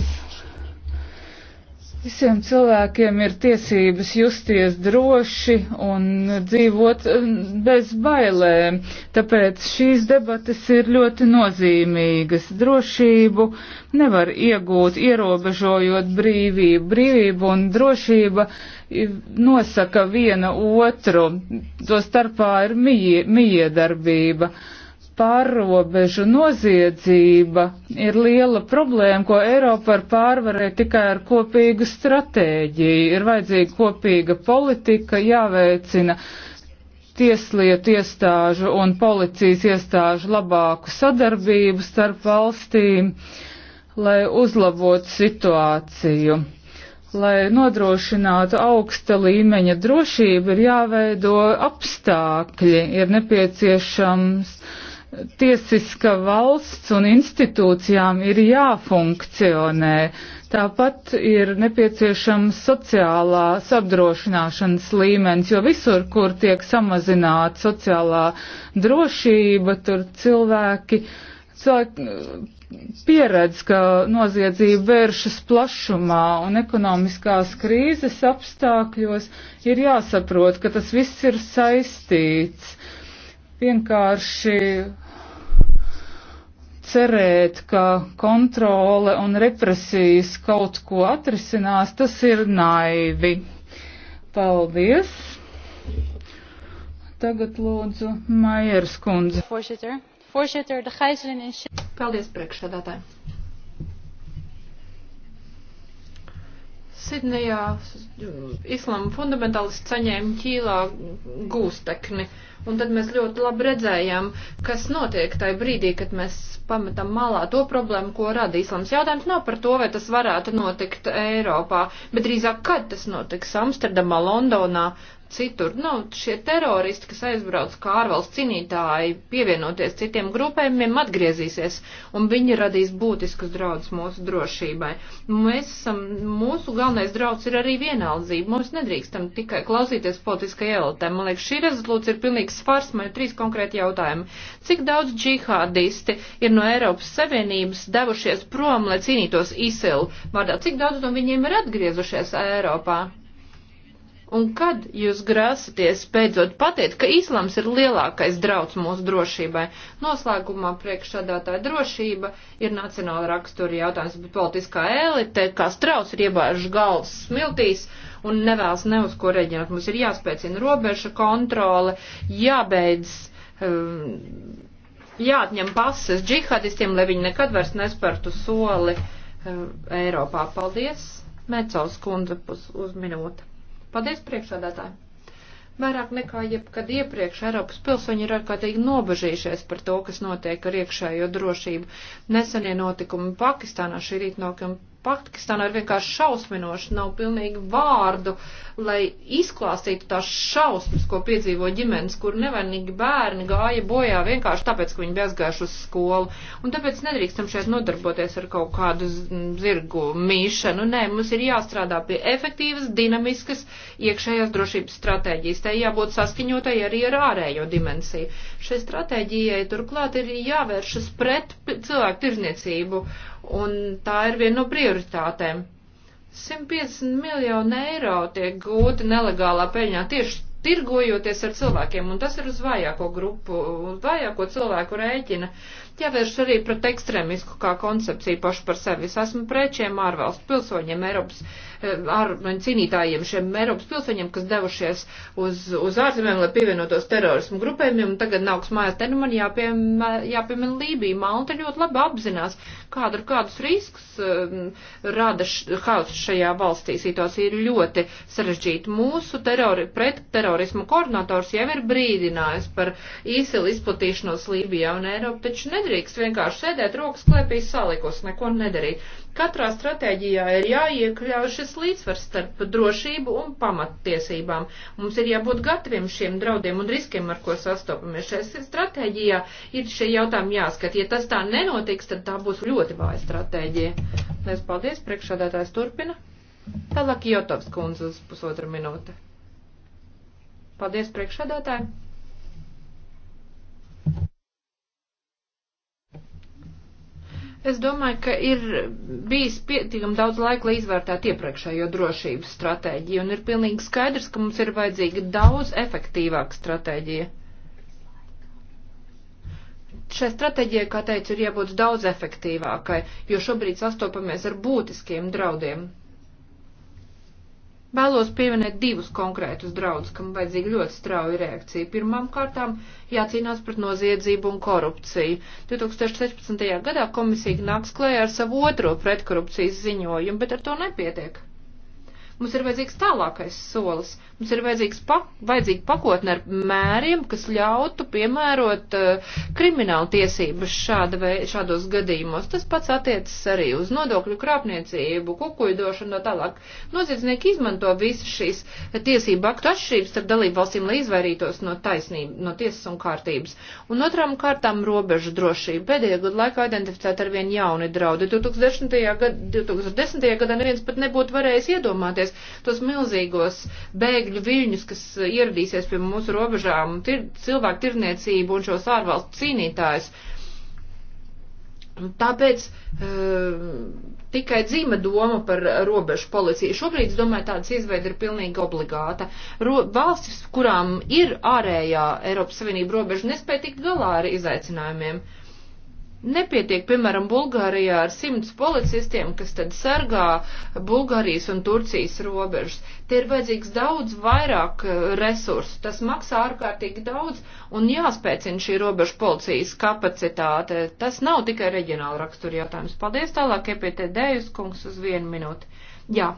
Visiem cilvēkiem ir tiesības justies droši un dzīvot um, bez bailēm, tāpēc šīs debates ir ļoti nozīmīgas. Drošību nevar iegūt ierobežojot brīvību. Brīvība un drošība nosaka viena otru, to starpā ir mie, miedarbība. Mie pārrobežu noziedzība ir liela problēma, ko Eiropa var pārvarēt tikai ar kopīgu stratēģiju. Ir vajadzīga kopīga politika, jāveicina tieslietu iestāžu un policijas iestāžu labāku sadarbību starp valstīm, lai uzlabotu situāciju. Lai nodrošinātu augsta līmeņa drošību, ir jāveido apstākļi, ir nepieciešams uh, tiesiska valsts un institūcijām ir jāfunkcionē. Tāpat ir nepieciešams sociālās apdrošināšanas līmenis, jo visur, kur tiek samazināta sociālā drošība, tur cilvēki, cilvēki pieredz, ka noziedzība vēršas plašumā un ekonomiskās krīzes apstākļos ir jāsaprot, ka tas viss ir saistīts vienkārši cerēt, ka kontrole un represijas kaut ko atrisinās, tas ir naivi. Paldies! Tagad lūdzu Maiers kundze. Paldies, priekšsēdētāji! Sidnejā islāma fundamentālisti saņēma ķīlā gūstekni. Un tad mēs ļoti labi redzējām, kas notiek tajā brīdī, kad mēs pametam malā to problēmu, ko rada islāms. Jautājums nav par to, vai tas varētu notikt Eiropā, bet drīzāk, kad tas notiks Amsterdamā, Londonā citur. Nu, šie teroristi, kas aizbrauc kā ārvalsts cīnītāji, pievienoties citiem grupējumiem, atgriezīsies, un viņi radīs būtiskus draudus mūsu drošībai. Mēs esam, mūsu galvenais drauds ir arī vienaldzība. Mums nedrīkstam tikai klausīties politiskajai elitē. Man liekas, šī rezolūcija ir pilnīgs svars, man ir trīs konkrēti jautājumi. Cik daudz džihādisti ir no Eiropas Savienības devušies prom, lai cīnītos ISIL vārdā? Cik daudz no viņiem ir atgriezušies Eiropā? Un kad jūs grāsaties beidzot pateikt, ka islams ir lielākais drauds mūsu drošībai? Noslēgumā priekšsādātāja drošība ir nacionāla rakstura jautājums, bet politiskā elite, kā strauts, ir iebāžu galvas smiltīs un nevēlas ne uz ko reģināt. Mums ir jāspēcina robeža kontrole, jābeidz. Um, Jāatņem pases džihadistiem, lai viņi nekad vairs nespartu soli uh, um, Eiropā. Paldies! Mecels kundze uz minūti. Paldies, priekšādātāji! Vairāk nekā jebkad iepriekš Eiropas pilsoņi ir ārkārtīgi nobežījušies par to, kas notiek ar iekšējo drošību. Nesenie notikumi Pakistānā šī rīta notikumi Pakistānā ir vienkārši šausminoši, nav pilnīgi vārdu, lai izklāstītu tās šausmas, ko piedzīvo ģimenes, kur nevainīgi bērni gāja bojā vienkārši tāpēc, ka viņi bija aizgājuši uz skolu. Un tāpēc nedrīkstam šeit nodarboties ar kaut kādu zirgu mīšanu. Nē, mums ir jāstrādā pie efektīvas, dinamiskas iekšējās drošības stratēģijas. Tai jābūt saskaņotai arī ar ārējo dimensiju. Šai stratēģijai turklāt ir jāvēršas pret cilvēku tirzniecību un tā ir viena no prioritātēm. 150 miljonu eiro tiek gūti nelegālā peļņā tieši tirgojoties ar cilvēkiem, un tas ir uz vājāko grupu, uz vājāko cilvēku rēķina. Jāvērš arī pret ekstrēmisku kā koncepciju pašu par sevi. Es esmu pret šiem ārvalstu pilsoņiem Eiropas armeni cīnītājiem, šiem Eiropas pilsoņiem, kas devušies uz, uz ārzemēm, lai pievienotos terorismu grupējumiem, un tagad nāks mājās te, nu man jāpiemina jāpiem Lībija. Malta ļoti labi apzinās, kāda ir kādus risks um, rada hauss šajā valstī. Situācija ir ļoti sarežģīta. Mūsu terori, pret terorismu koordinators jau ir brīdinājis par īsili izplatīšanos Lībijā un Eiropa, taču nedrīkst vienkārši sēdēt rokas klēpīs salikus, neko nedarīt. Katrā stratēģijā ir jāiekļauj šis līdzsvars starp drošību un pamattiesībām. Mums ir jābūt gataviem šiem draudiem un riskiem, ar ko sastopamies. Šajā stratēģijā ir šie jautājumi jāskat. Ja tas tā nenotiks, tad tā būs ļoti vāja stratēģija. Lies paldies, priekšādātājs turpina. Tālāk Jotovs kundze uz pusotru minūti. Paldies, priekšādātāji. Es domāju, ka ir bijis pietiekami daudz laika, lai izvērtētu iepriekšējo drošības stratēģiju, un ir pilnīgi skaidrs, ka mums ir vajadzīga daudz efektīvāka stratēģija. Šai stratēģijai, kā teicu, ir jābūt daudz efektīvākai, jo šobrīd sastopamies ar būtiskiem draudiem. Vēlos pieminēt divus konkrētus draudus, kam vajadzīga ļoti strauja reakcija. Pirmām kārtām jācīnās pret noziedzību un korupciju. 2016. gadā komisija nāks klējā ar savu otro pretkorupcijas ziņojumu, bet ar to nepietiek. Mums ir vajadzīgs tālākais solis. Mums ir vajadzīgs pa, vajadzīga pakotne ar mēriem, kas ļautu piemērot uh, kriminālu tiesības šāda vei, šādos gadījumos. Tas pats attiecas arī uz nodokļu krāpniecību, kukuļdošanu un tā tālāk. Noziedznieki izmanto visas šīs tiesību aktu atšķirības starp dalību valstīm, lai izvairītos no taisnība, no tiesas un kārtības. Un otrām kārtām robežu drošība. Pēdējā gada laikā identificēt arvien jauni draudi. 2010. Gada, 2010. gadā neviens pat nebūtu varējis iedomāties, tos milzīgos bēgļu viļņus, kas ieradīsies pie mūsu robežām, un tir, cilvēku tirniecību un šos ārvalstu cīnītājus. Tāpēc e, tikai dzīva doma par robežu policiju. Šobrīd, es domāju, tādas izveida ir pilnīgi obligāta. Ro, valstis, kurām ir ārējā Eiropas Savienība robeža, nespēja tikt galā ar izaicinājumiem. E, Nepietiek, piemēram, Bulgārijā ar simts policistiem, kas tad sargā Bulgārijas un Turcijas robežas. Te ir vajadzīgs daudz vairāk eh, resursu, tas maksā ārkārtīgi daudz un jāspēcina šī robežu policijas kapacitāte. Tas nav tikai reģionāla rakstura jautājums. Paldies tālāk, EPT Dējus kungs, uz vienu minūti. Jā,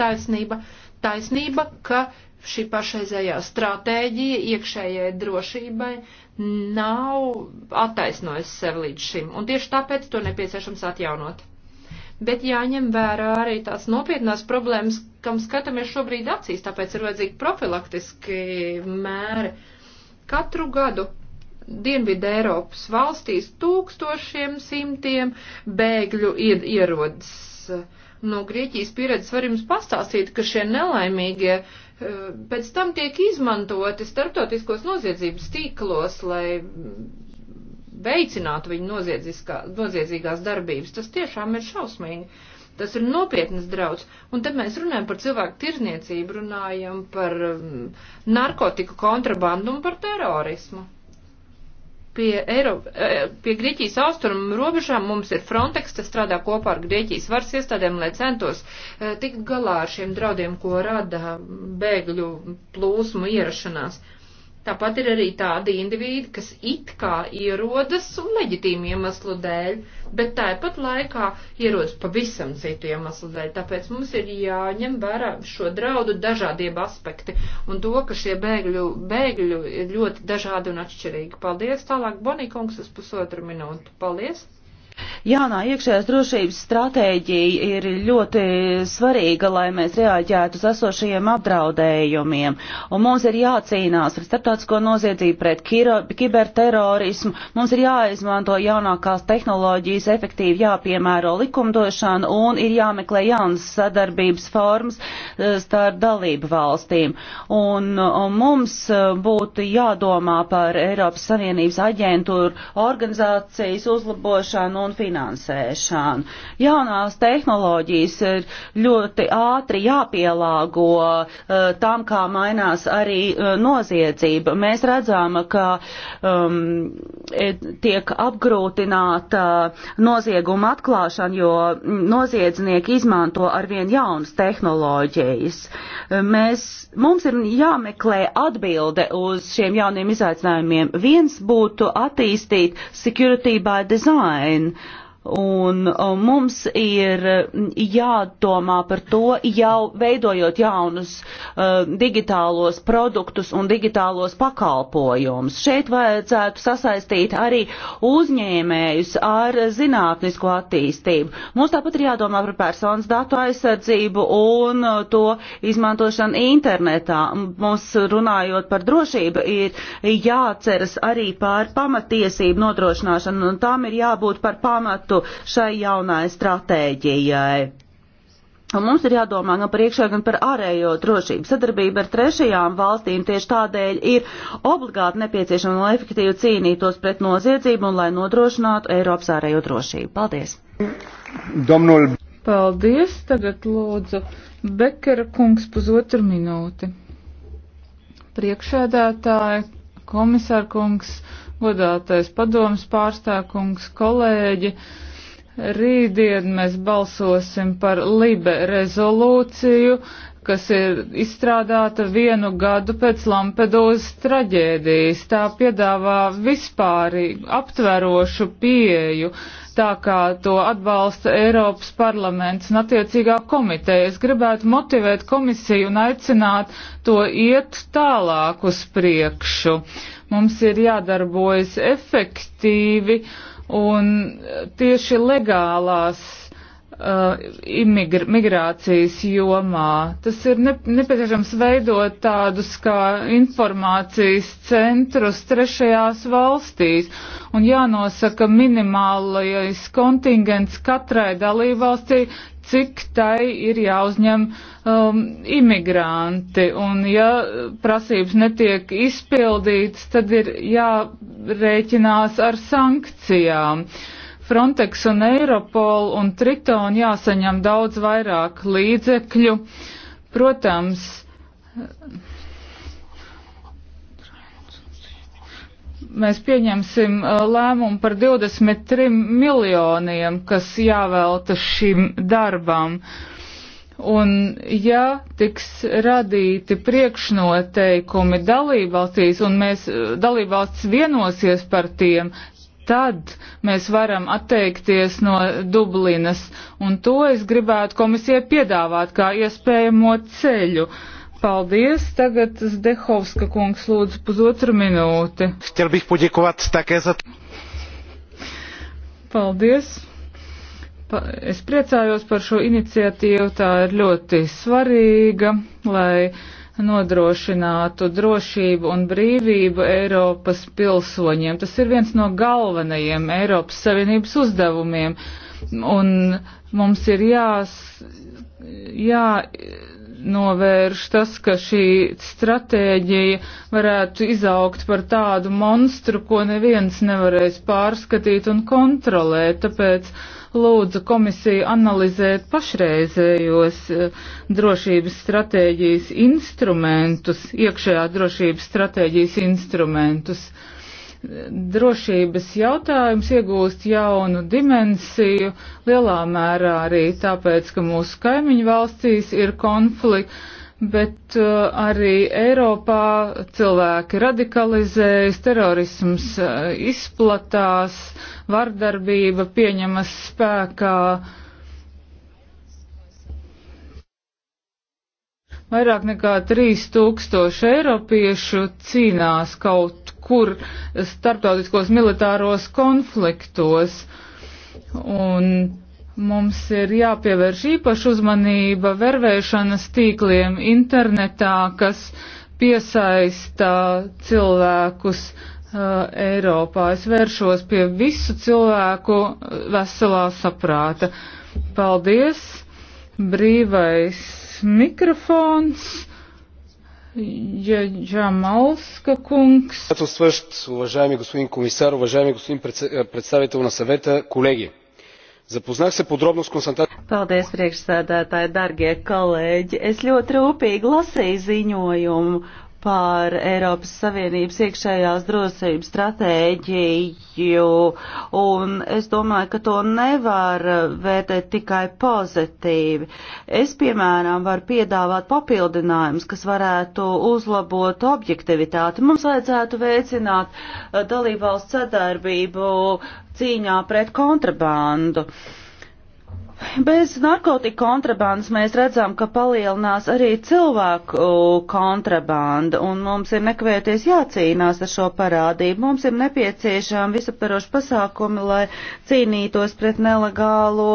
taisnība. Taisnība, ka šī pašreizējā stratēģija iekšējai drošībai nav attaisnojis sev līdz šim, un tieši tāpēc to nepieciešams atjaunot. Bet jāņem vērā arī tās nopietnās problēmas, kam skatāmies šobrīd acīs, tāpēc ir vajadzīgi profilaktiski mēri. Katru gadu Dienvidu Eiropas valstīs tūkstošiem simtiem bēgļu ierodas. No Grieķijas pieredzes var jums pastāstīt, ka šie nelaimīgie uh, Eh, pēc tam tiek izmantoti starptautiskos noziedzības tīklos, lai veicinātu viņu noziedzīgās darbības. Tas tiešām ir šausmīgi. Tas ir nopietnas draudz. Un tad mēs runājam par cilvēku tirzniecību, runājam par um, narkotiku kontrabandu un par terorismu pie, Eiro, eh, pie Grieķijas austrumu robežām mums ir Frontex, kas strādā kopā ar Grieķijas varas iestādēm, lai centos eh, tikt galā ar šiem draudiem, ko rada bēgļu plūsmu ierašanās. Uh, Tāpat ir arī tādi indivīdi, kas it kā ierodas un leģitīmu iemeslu dēļ, bet tāpat laikā ierodas pavisam citu iemeslu dēļ. Tāpēc mums ir jāņem vērā šo draudu dažādiem aspekti un to, ka šie bēgļu, bēgļu ir ļoti dažādi un atšķirīgi. Paldies! Tālāk Bonīkungs uz pusotru minūtu. Paldies! Jaunā iekšējās drošības stratēģija ir ļoti svarīga, lai mēs reaģētu uz esošajiem apdraudējumiem. Un mums ir jācīnās pret starptautisko noziedzību, pret kiberterorismu. Mums ir jāizmanto jaunākās tehnoloģijas, efektīvi jāpiemēro likumdošana un ir jāmeklē jaunas sadarbības formas eh, starp dalību valstīm. Un, un mums eh, būtu jādomā par Eiropas Savienības aģentūru organizācijas uzlabošanu un finansēšanu. Jaunās tehnoloģijas ir ļoti ātri jāpielāgo uh, tam, kā mainās arī uh, noziedzība. Mēs redzam, ka um, e, tiek apgrūtināta nozieguma atklāšana, jo noziedznieki izmanto arvien jaunas tehnoloģijas. Mēs, mums ir jāmeklē atbilde uz šiem jauniem izaicinājumiem. Viens būtu attīstīt security by design uh, Un mums ir jādomā par to, jau veidojot jaunus uh, digitālos produktus un digitālos pakalpojumus. Šeit vajadzētu sasaistīt arī uzņēmējus ar zinātnisko attīstību. Mums tāpat ir jādomā par personas datu aizsardzību un to izmantošanu internetā. Mums runājot par drošību ir jāceras arī par pamatiesību nodrošināšanu un tām ir jābūt par pamatu atbalstu šai jaunai stratēģijai. Un mums ir jādomā gan par iekšējo, gan par ārējo drošību. Sadarbība ar trešajām valstīm tieši tādēļ ir obligāti nepieciešama, lai efektīvi cīnītos pret noziedzību un lai nodrošinātu Eiropas ārējo drošību. Paldies! Domnul. Paldies! Tagad lūdzu Bekera kungs pusotru minūti. Priekšēdētāji, komisārkungs, godātais padomas pārstākungs, kolēģi. Rītdien mēs balsosim par Libe rezolūciju, kas ir izstrādāta vienu gadu pēc Lampedūzas traģēdijas. Tā piedāvā vispārīgu aptverošu pieeju, tā kā to atbalsta Eiropas parlaments un attiecīgā komiteja. Es gribētu motivēt komisiju un aicināt to iet tālāk uz priekšu. Mums ir jādarbojas efektīvi un tieši legālās uh, imigr migrācijas jomā. Tas ir ne nepieciešams veidot tādus kā informācijas centrus trešajās valstīs un jānosaka minimālais kontingents katrai dalībvalstī, cik tai ir jāuzņem um, imigranti. Un ja prasības netiek izpildītas, tad ir jārēķinās ar sankcijām. Uh, Frontex un Eiropol un Triton jāsaņem daudz vairāk līdzekļu. Protams, mēs pieņemsim uh, lēmumu par 23 miljoniem, kas jāvelta šim darbam. Un ja tiks radīti priekšnoteikumi dalībvalstīs un mēs uh, dalībvalsts vienosies par tiem, tad mēs varam atteikties no Dublinas, un to es gribētu komisijai piedāvāt kā iespējamo ceļu. Paldies, tagad Zdehovska kungs lūdzu pusotru minūti. Chtěl bych poděkovat také za... Paldies. Pa, es priecājos par šo iniciatīvu, tā ir ļoti svarīga, lai nodrošinātu drošību un brīvību Eiropas pilsoņiem. Tas ir viens no galvenajiem Eiropas Savienības uzdevumiem. Un mums ir jās, jānovērš tas, ka šī stratēģija varētu izaugt par tādu monstru, ko neviens nevarēs pārskatīt un kontrolēt. Tāpēc uh, lūdza komisiju analizēt pašreizējos eh, drošības stratēģijas instrumentus, iekšējā drošības stratēģijas instrumentus. Drošības jautājums iegūst jaunu dimensiju, lielā mērā arī tāpēc, ka mūsu kaimiņu valstīs ir konflikti bet uh, arī Eiropā cilvēki radikalizējas, terorisms uh, izplatās, vardarbība pieņemas spēkā. Vairāk nekā 3000 eiropiešu cīnās kaut kur starptautiskos militāros konfliktos. Un Mums ir jāpievērš īpaša uzmanība vervēšanas tīkliem internetā, kas piesaista cilvēkus uh, Eiropā. Es vēršos pie visu cilvēku uh, veselā saprāta. Paldies! Brīvais mikrofons. Джамалска кунгс. Уважаеми господин комисар, уважаеми господин представител на съвета, колеги! Zapoznāk se podrobno s konsultācijām. Paldies, priekšsēdētāji, dargie kolēģi. Es ļoti rūpīgi lasīju ziņojumu par Eiropas Savienības iekšējās drosības stratēģiju, un es domāju, ka to nevar vērtēt tikai pozitīvi. Es, piemēram, varu piedāvāt papildinājumus, kas varētu uzlabot objektivitāti. Mums vajadzētu veicināt eh, dalībvalsts sadarbību cīņā pret kontrabandu. Uh, Bez narkotika kontrabandas mēs redzam, ka palielinās arī cilvēku uh, kontrabanda, un mums ir nekavēties jācīnās ar šo parādību. Mums ir nepieciešami visaptaroši pasākumi, lai cīnītos pret nelegālo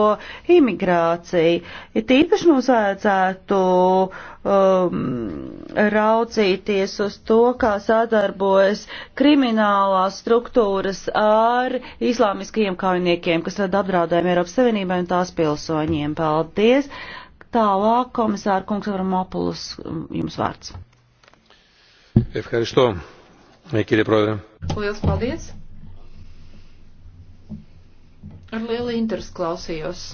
imigrāciju. Ja tīpaši mums vajadzētu uh, um, raucīties uz to, kā sadarbojas kriminālās struktūras ar islāmiskajiem kaujiniekiem, kas rada apdraudējumu Eiropas Savienībai un tās pilsoņiem. Paldies! Tālāk, komisāra kungs Avramopulus, um, jums vārds. Efkaristo, Mekīri Prodē. Lielas paldies! Ar lielu interesi klausījos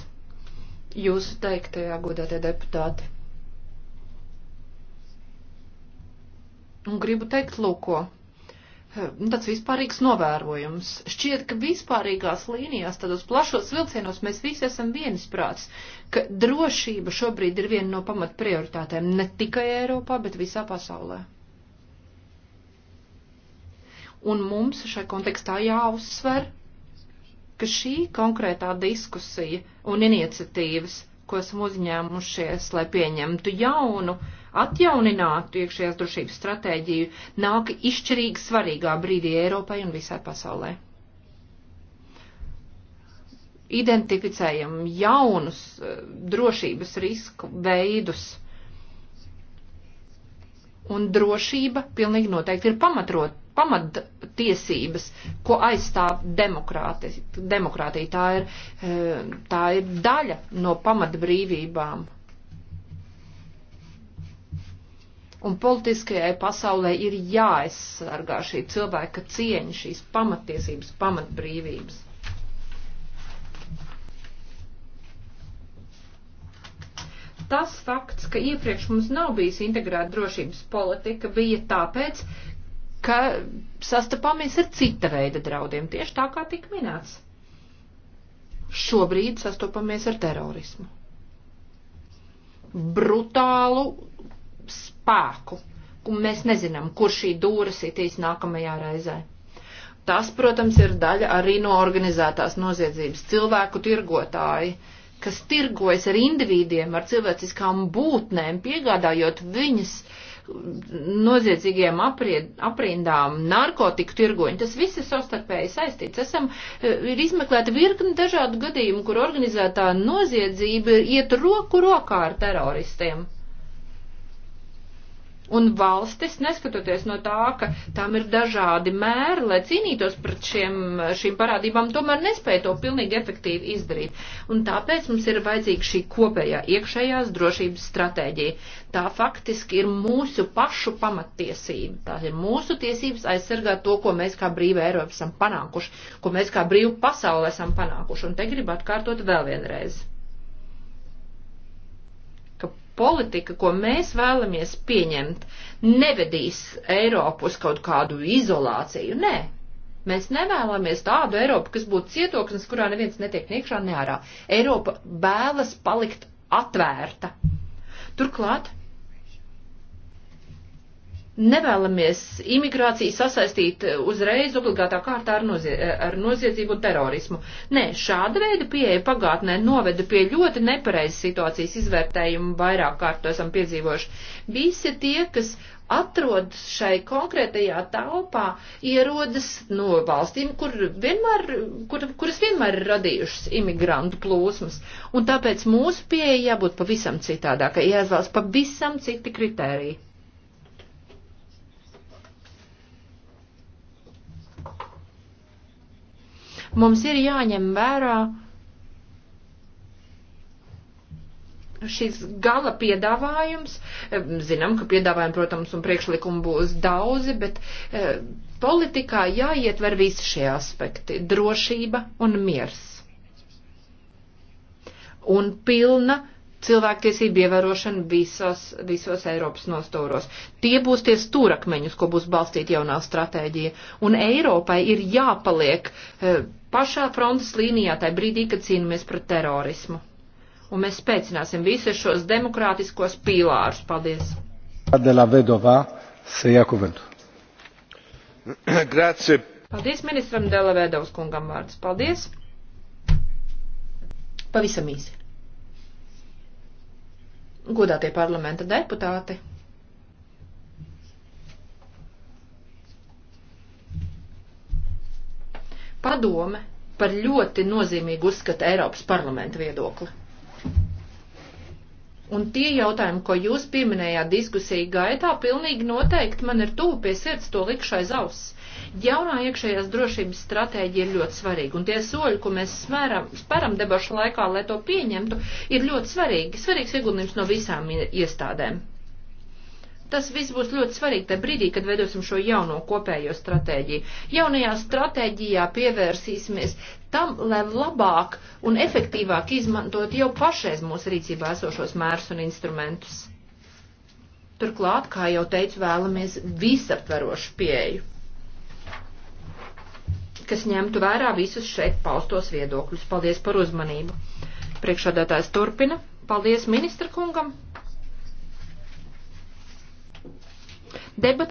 jūsu teiktajā, godātie deputāti. Un gribu teikt, lūko, nu, tāds vispārīgs novērojums. Šķiet, ka vispārīgās līnijās, tādos plašos vilcienos mēs visi esam viensprāts, ka drošība šobrīd ir viena no pamat prioritātēm ne tikai Eiropā, bet visā pasaulē. Un mums šai kontekstā jāuzsver, ka šī konkrētā diskusija un iniciatīvas, ko esam uzņēmušies, lai pieņemtu jaunu atjauninātu iekšējās drošības stratēģiju, nāk izšķirīgi svarīgā brīdī Eiropai un visai pasaulē. Identificējam jaunus eh, drošības risku veidus. Un drošība pilnīgi noteikti ir pamatrot, pamattiesības, ko aizstāv demokrātija. Tā ir, eh, tā ir daļa no pamatbrīvībām. Un politiskajai pasaulē ir jāaizsargā šī cilvēka cieņa, šīs pamatiesības, pamatbrīvības. Tas fakts, ka iepriekš mums nav bijis integrēta drošības politika, bija tāpēc, ka sastapamies ar cita veida draudiem, tieši tā kā tik minēts. Šobrīd sastopamies ar terorismu. Brutālu spēku, un mēs nezinām, kur šī dūra sitīs nākamajā reizē. Tas, protams, ir daļa arī no organizētās noziedzības cilvēku tirgotāji, kas tirgojas ar individiem, ar cilvēciskām būtnēm, piegādājot viņas noziedzīgiem apried, aprindām, narkotiku tirgoņi, tas viss ir savstarpēji saistīts. Esam, e, ir izmeklēta virkni dažādu gadījumu, kur organizētā noziedzība iet roku rokā ar teroristiem. Un valstis, neskatoties no tā, ka tam ir dažādi mēri, lai cīnītos pret šiem, šīm parādībām, tomēr nespēja to pilnīgi efektīvi izdarīt. Un tāpēc mums ir vajadzīga šī kopējā iekšējās drošības stratēģija. Tā faktiski ir mūsu pašu pamattiesība. Tā ir mūsu tiesības aizsargāt to, ko mēs kā brīva Eiropa esam panākuši, ko mēs kā brīva pasaule esam panākuši. Un te gribu atkārtot vēl vienreiz politika, ko mēs vēlamies pieņemt, nevedīs Eiropu uz kaut kādu izolāciju. Nē, Mēs nevēlamies tādu Eiropu, kas būtu cietoksnis, kurā neviens netiek niekšā, ne ārā. Eiropa vēlas palikt atvērta. Turklāt nevēlamies imigrāciju sasaistīt uzreiz obligātā kārtā ar, nozie ar noziedzību un terorismu. Nē, šāda veida pieeja pagātnē noveda pie ļoti nepareizas situācijas izvērtējumu, vairāk kārt to esam piedzīvojuši. Visi tie, kas atrodas šai konkrētajā telpā, ierodas no valstīm, kur vienmēr, kur, kuras vienmēr ir radījušas imigrantu plūsmas. Un tāpēc mūsu pieeja jābūt pavisam citādākai, jāizvēlas pavisam citi kritēriji. Mums ir jāņem vērā šis gala piedāvājums. Zinām, ka piedāvājumi, protams, un priekšlikumi būs daudzi, bet e, politikā jāietver visi šie aspekti - drošība un miers. Un pilna cilvēktiesību ievērošanu visos, visos Eiropas nostūros. Tie būs tie stūrakmeņus, ko būs balstīt jaunā stratēģija. Un Eiropai ir jāpaliek eh, pašā frontes līnijā tajā brīdī, kad cīnāmies pret terorismu. Un mēs spēcināsim visus šos demokrātiskos pīlārus. Paldies! Grazie. Paldies ministram Delavēdovs kungam vārds. Paldies! Pavisam īsi godātie parlamenta deputāti. Padome par ļoti nozīmīgu uzskata Eiropas parlamenta viedokli. Un tie jautājumi, ko jūs pieminējāt diskusiju gaitā, pilnīgi noteikti man ir tuvu pie sirds to likšais auss. Jaunā iekšējās drošības stratēģija ir ļoti svarīga, un tie soļi, ko mēs smēram, sparam debašu laikā, lai to pieņemtu, ir ļoti svarīgi. Svarīgs ieguldījums no visām iestādēm. Tas viss būs ļoti svarīgi tajā brīdī, kad veidosim šo jauno kopējo stratēģiju. Jaunajā stratēģijā pievērsīsimies tam, lai labāk un efektīvāk izmantot jau pašreiz mūsu rīcībā esošos mērus un instrumentus. Turklāt, kā jau teicu, vēlamies visaptverošu pieeju kas ņemtu vērā visus šeit paustos viedokļus. Paldies par uzmanību. Priekšādātājs turpina. Paldies ministra kungam. Debat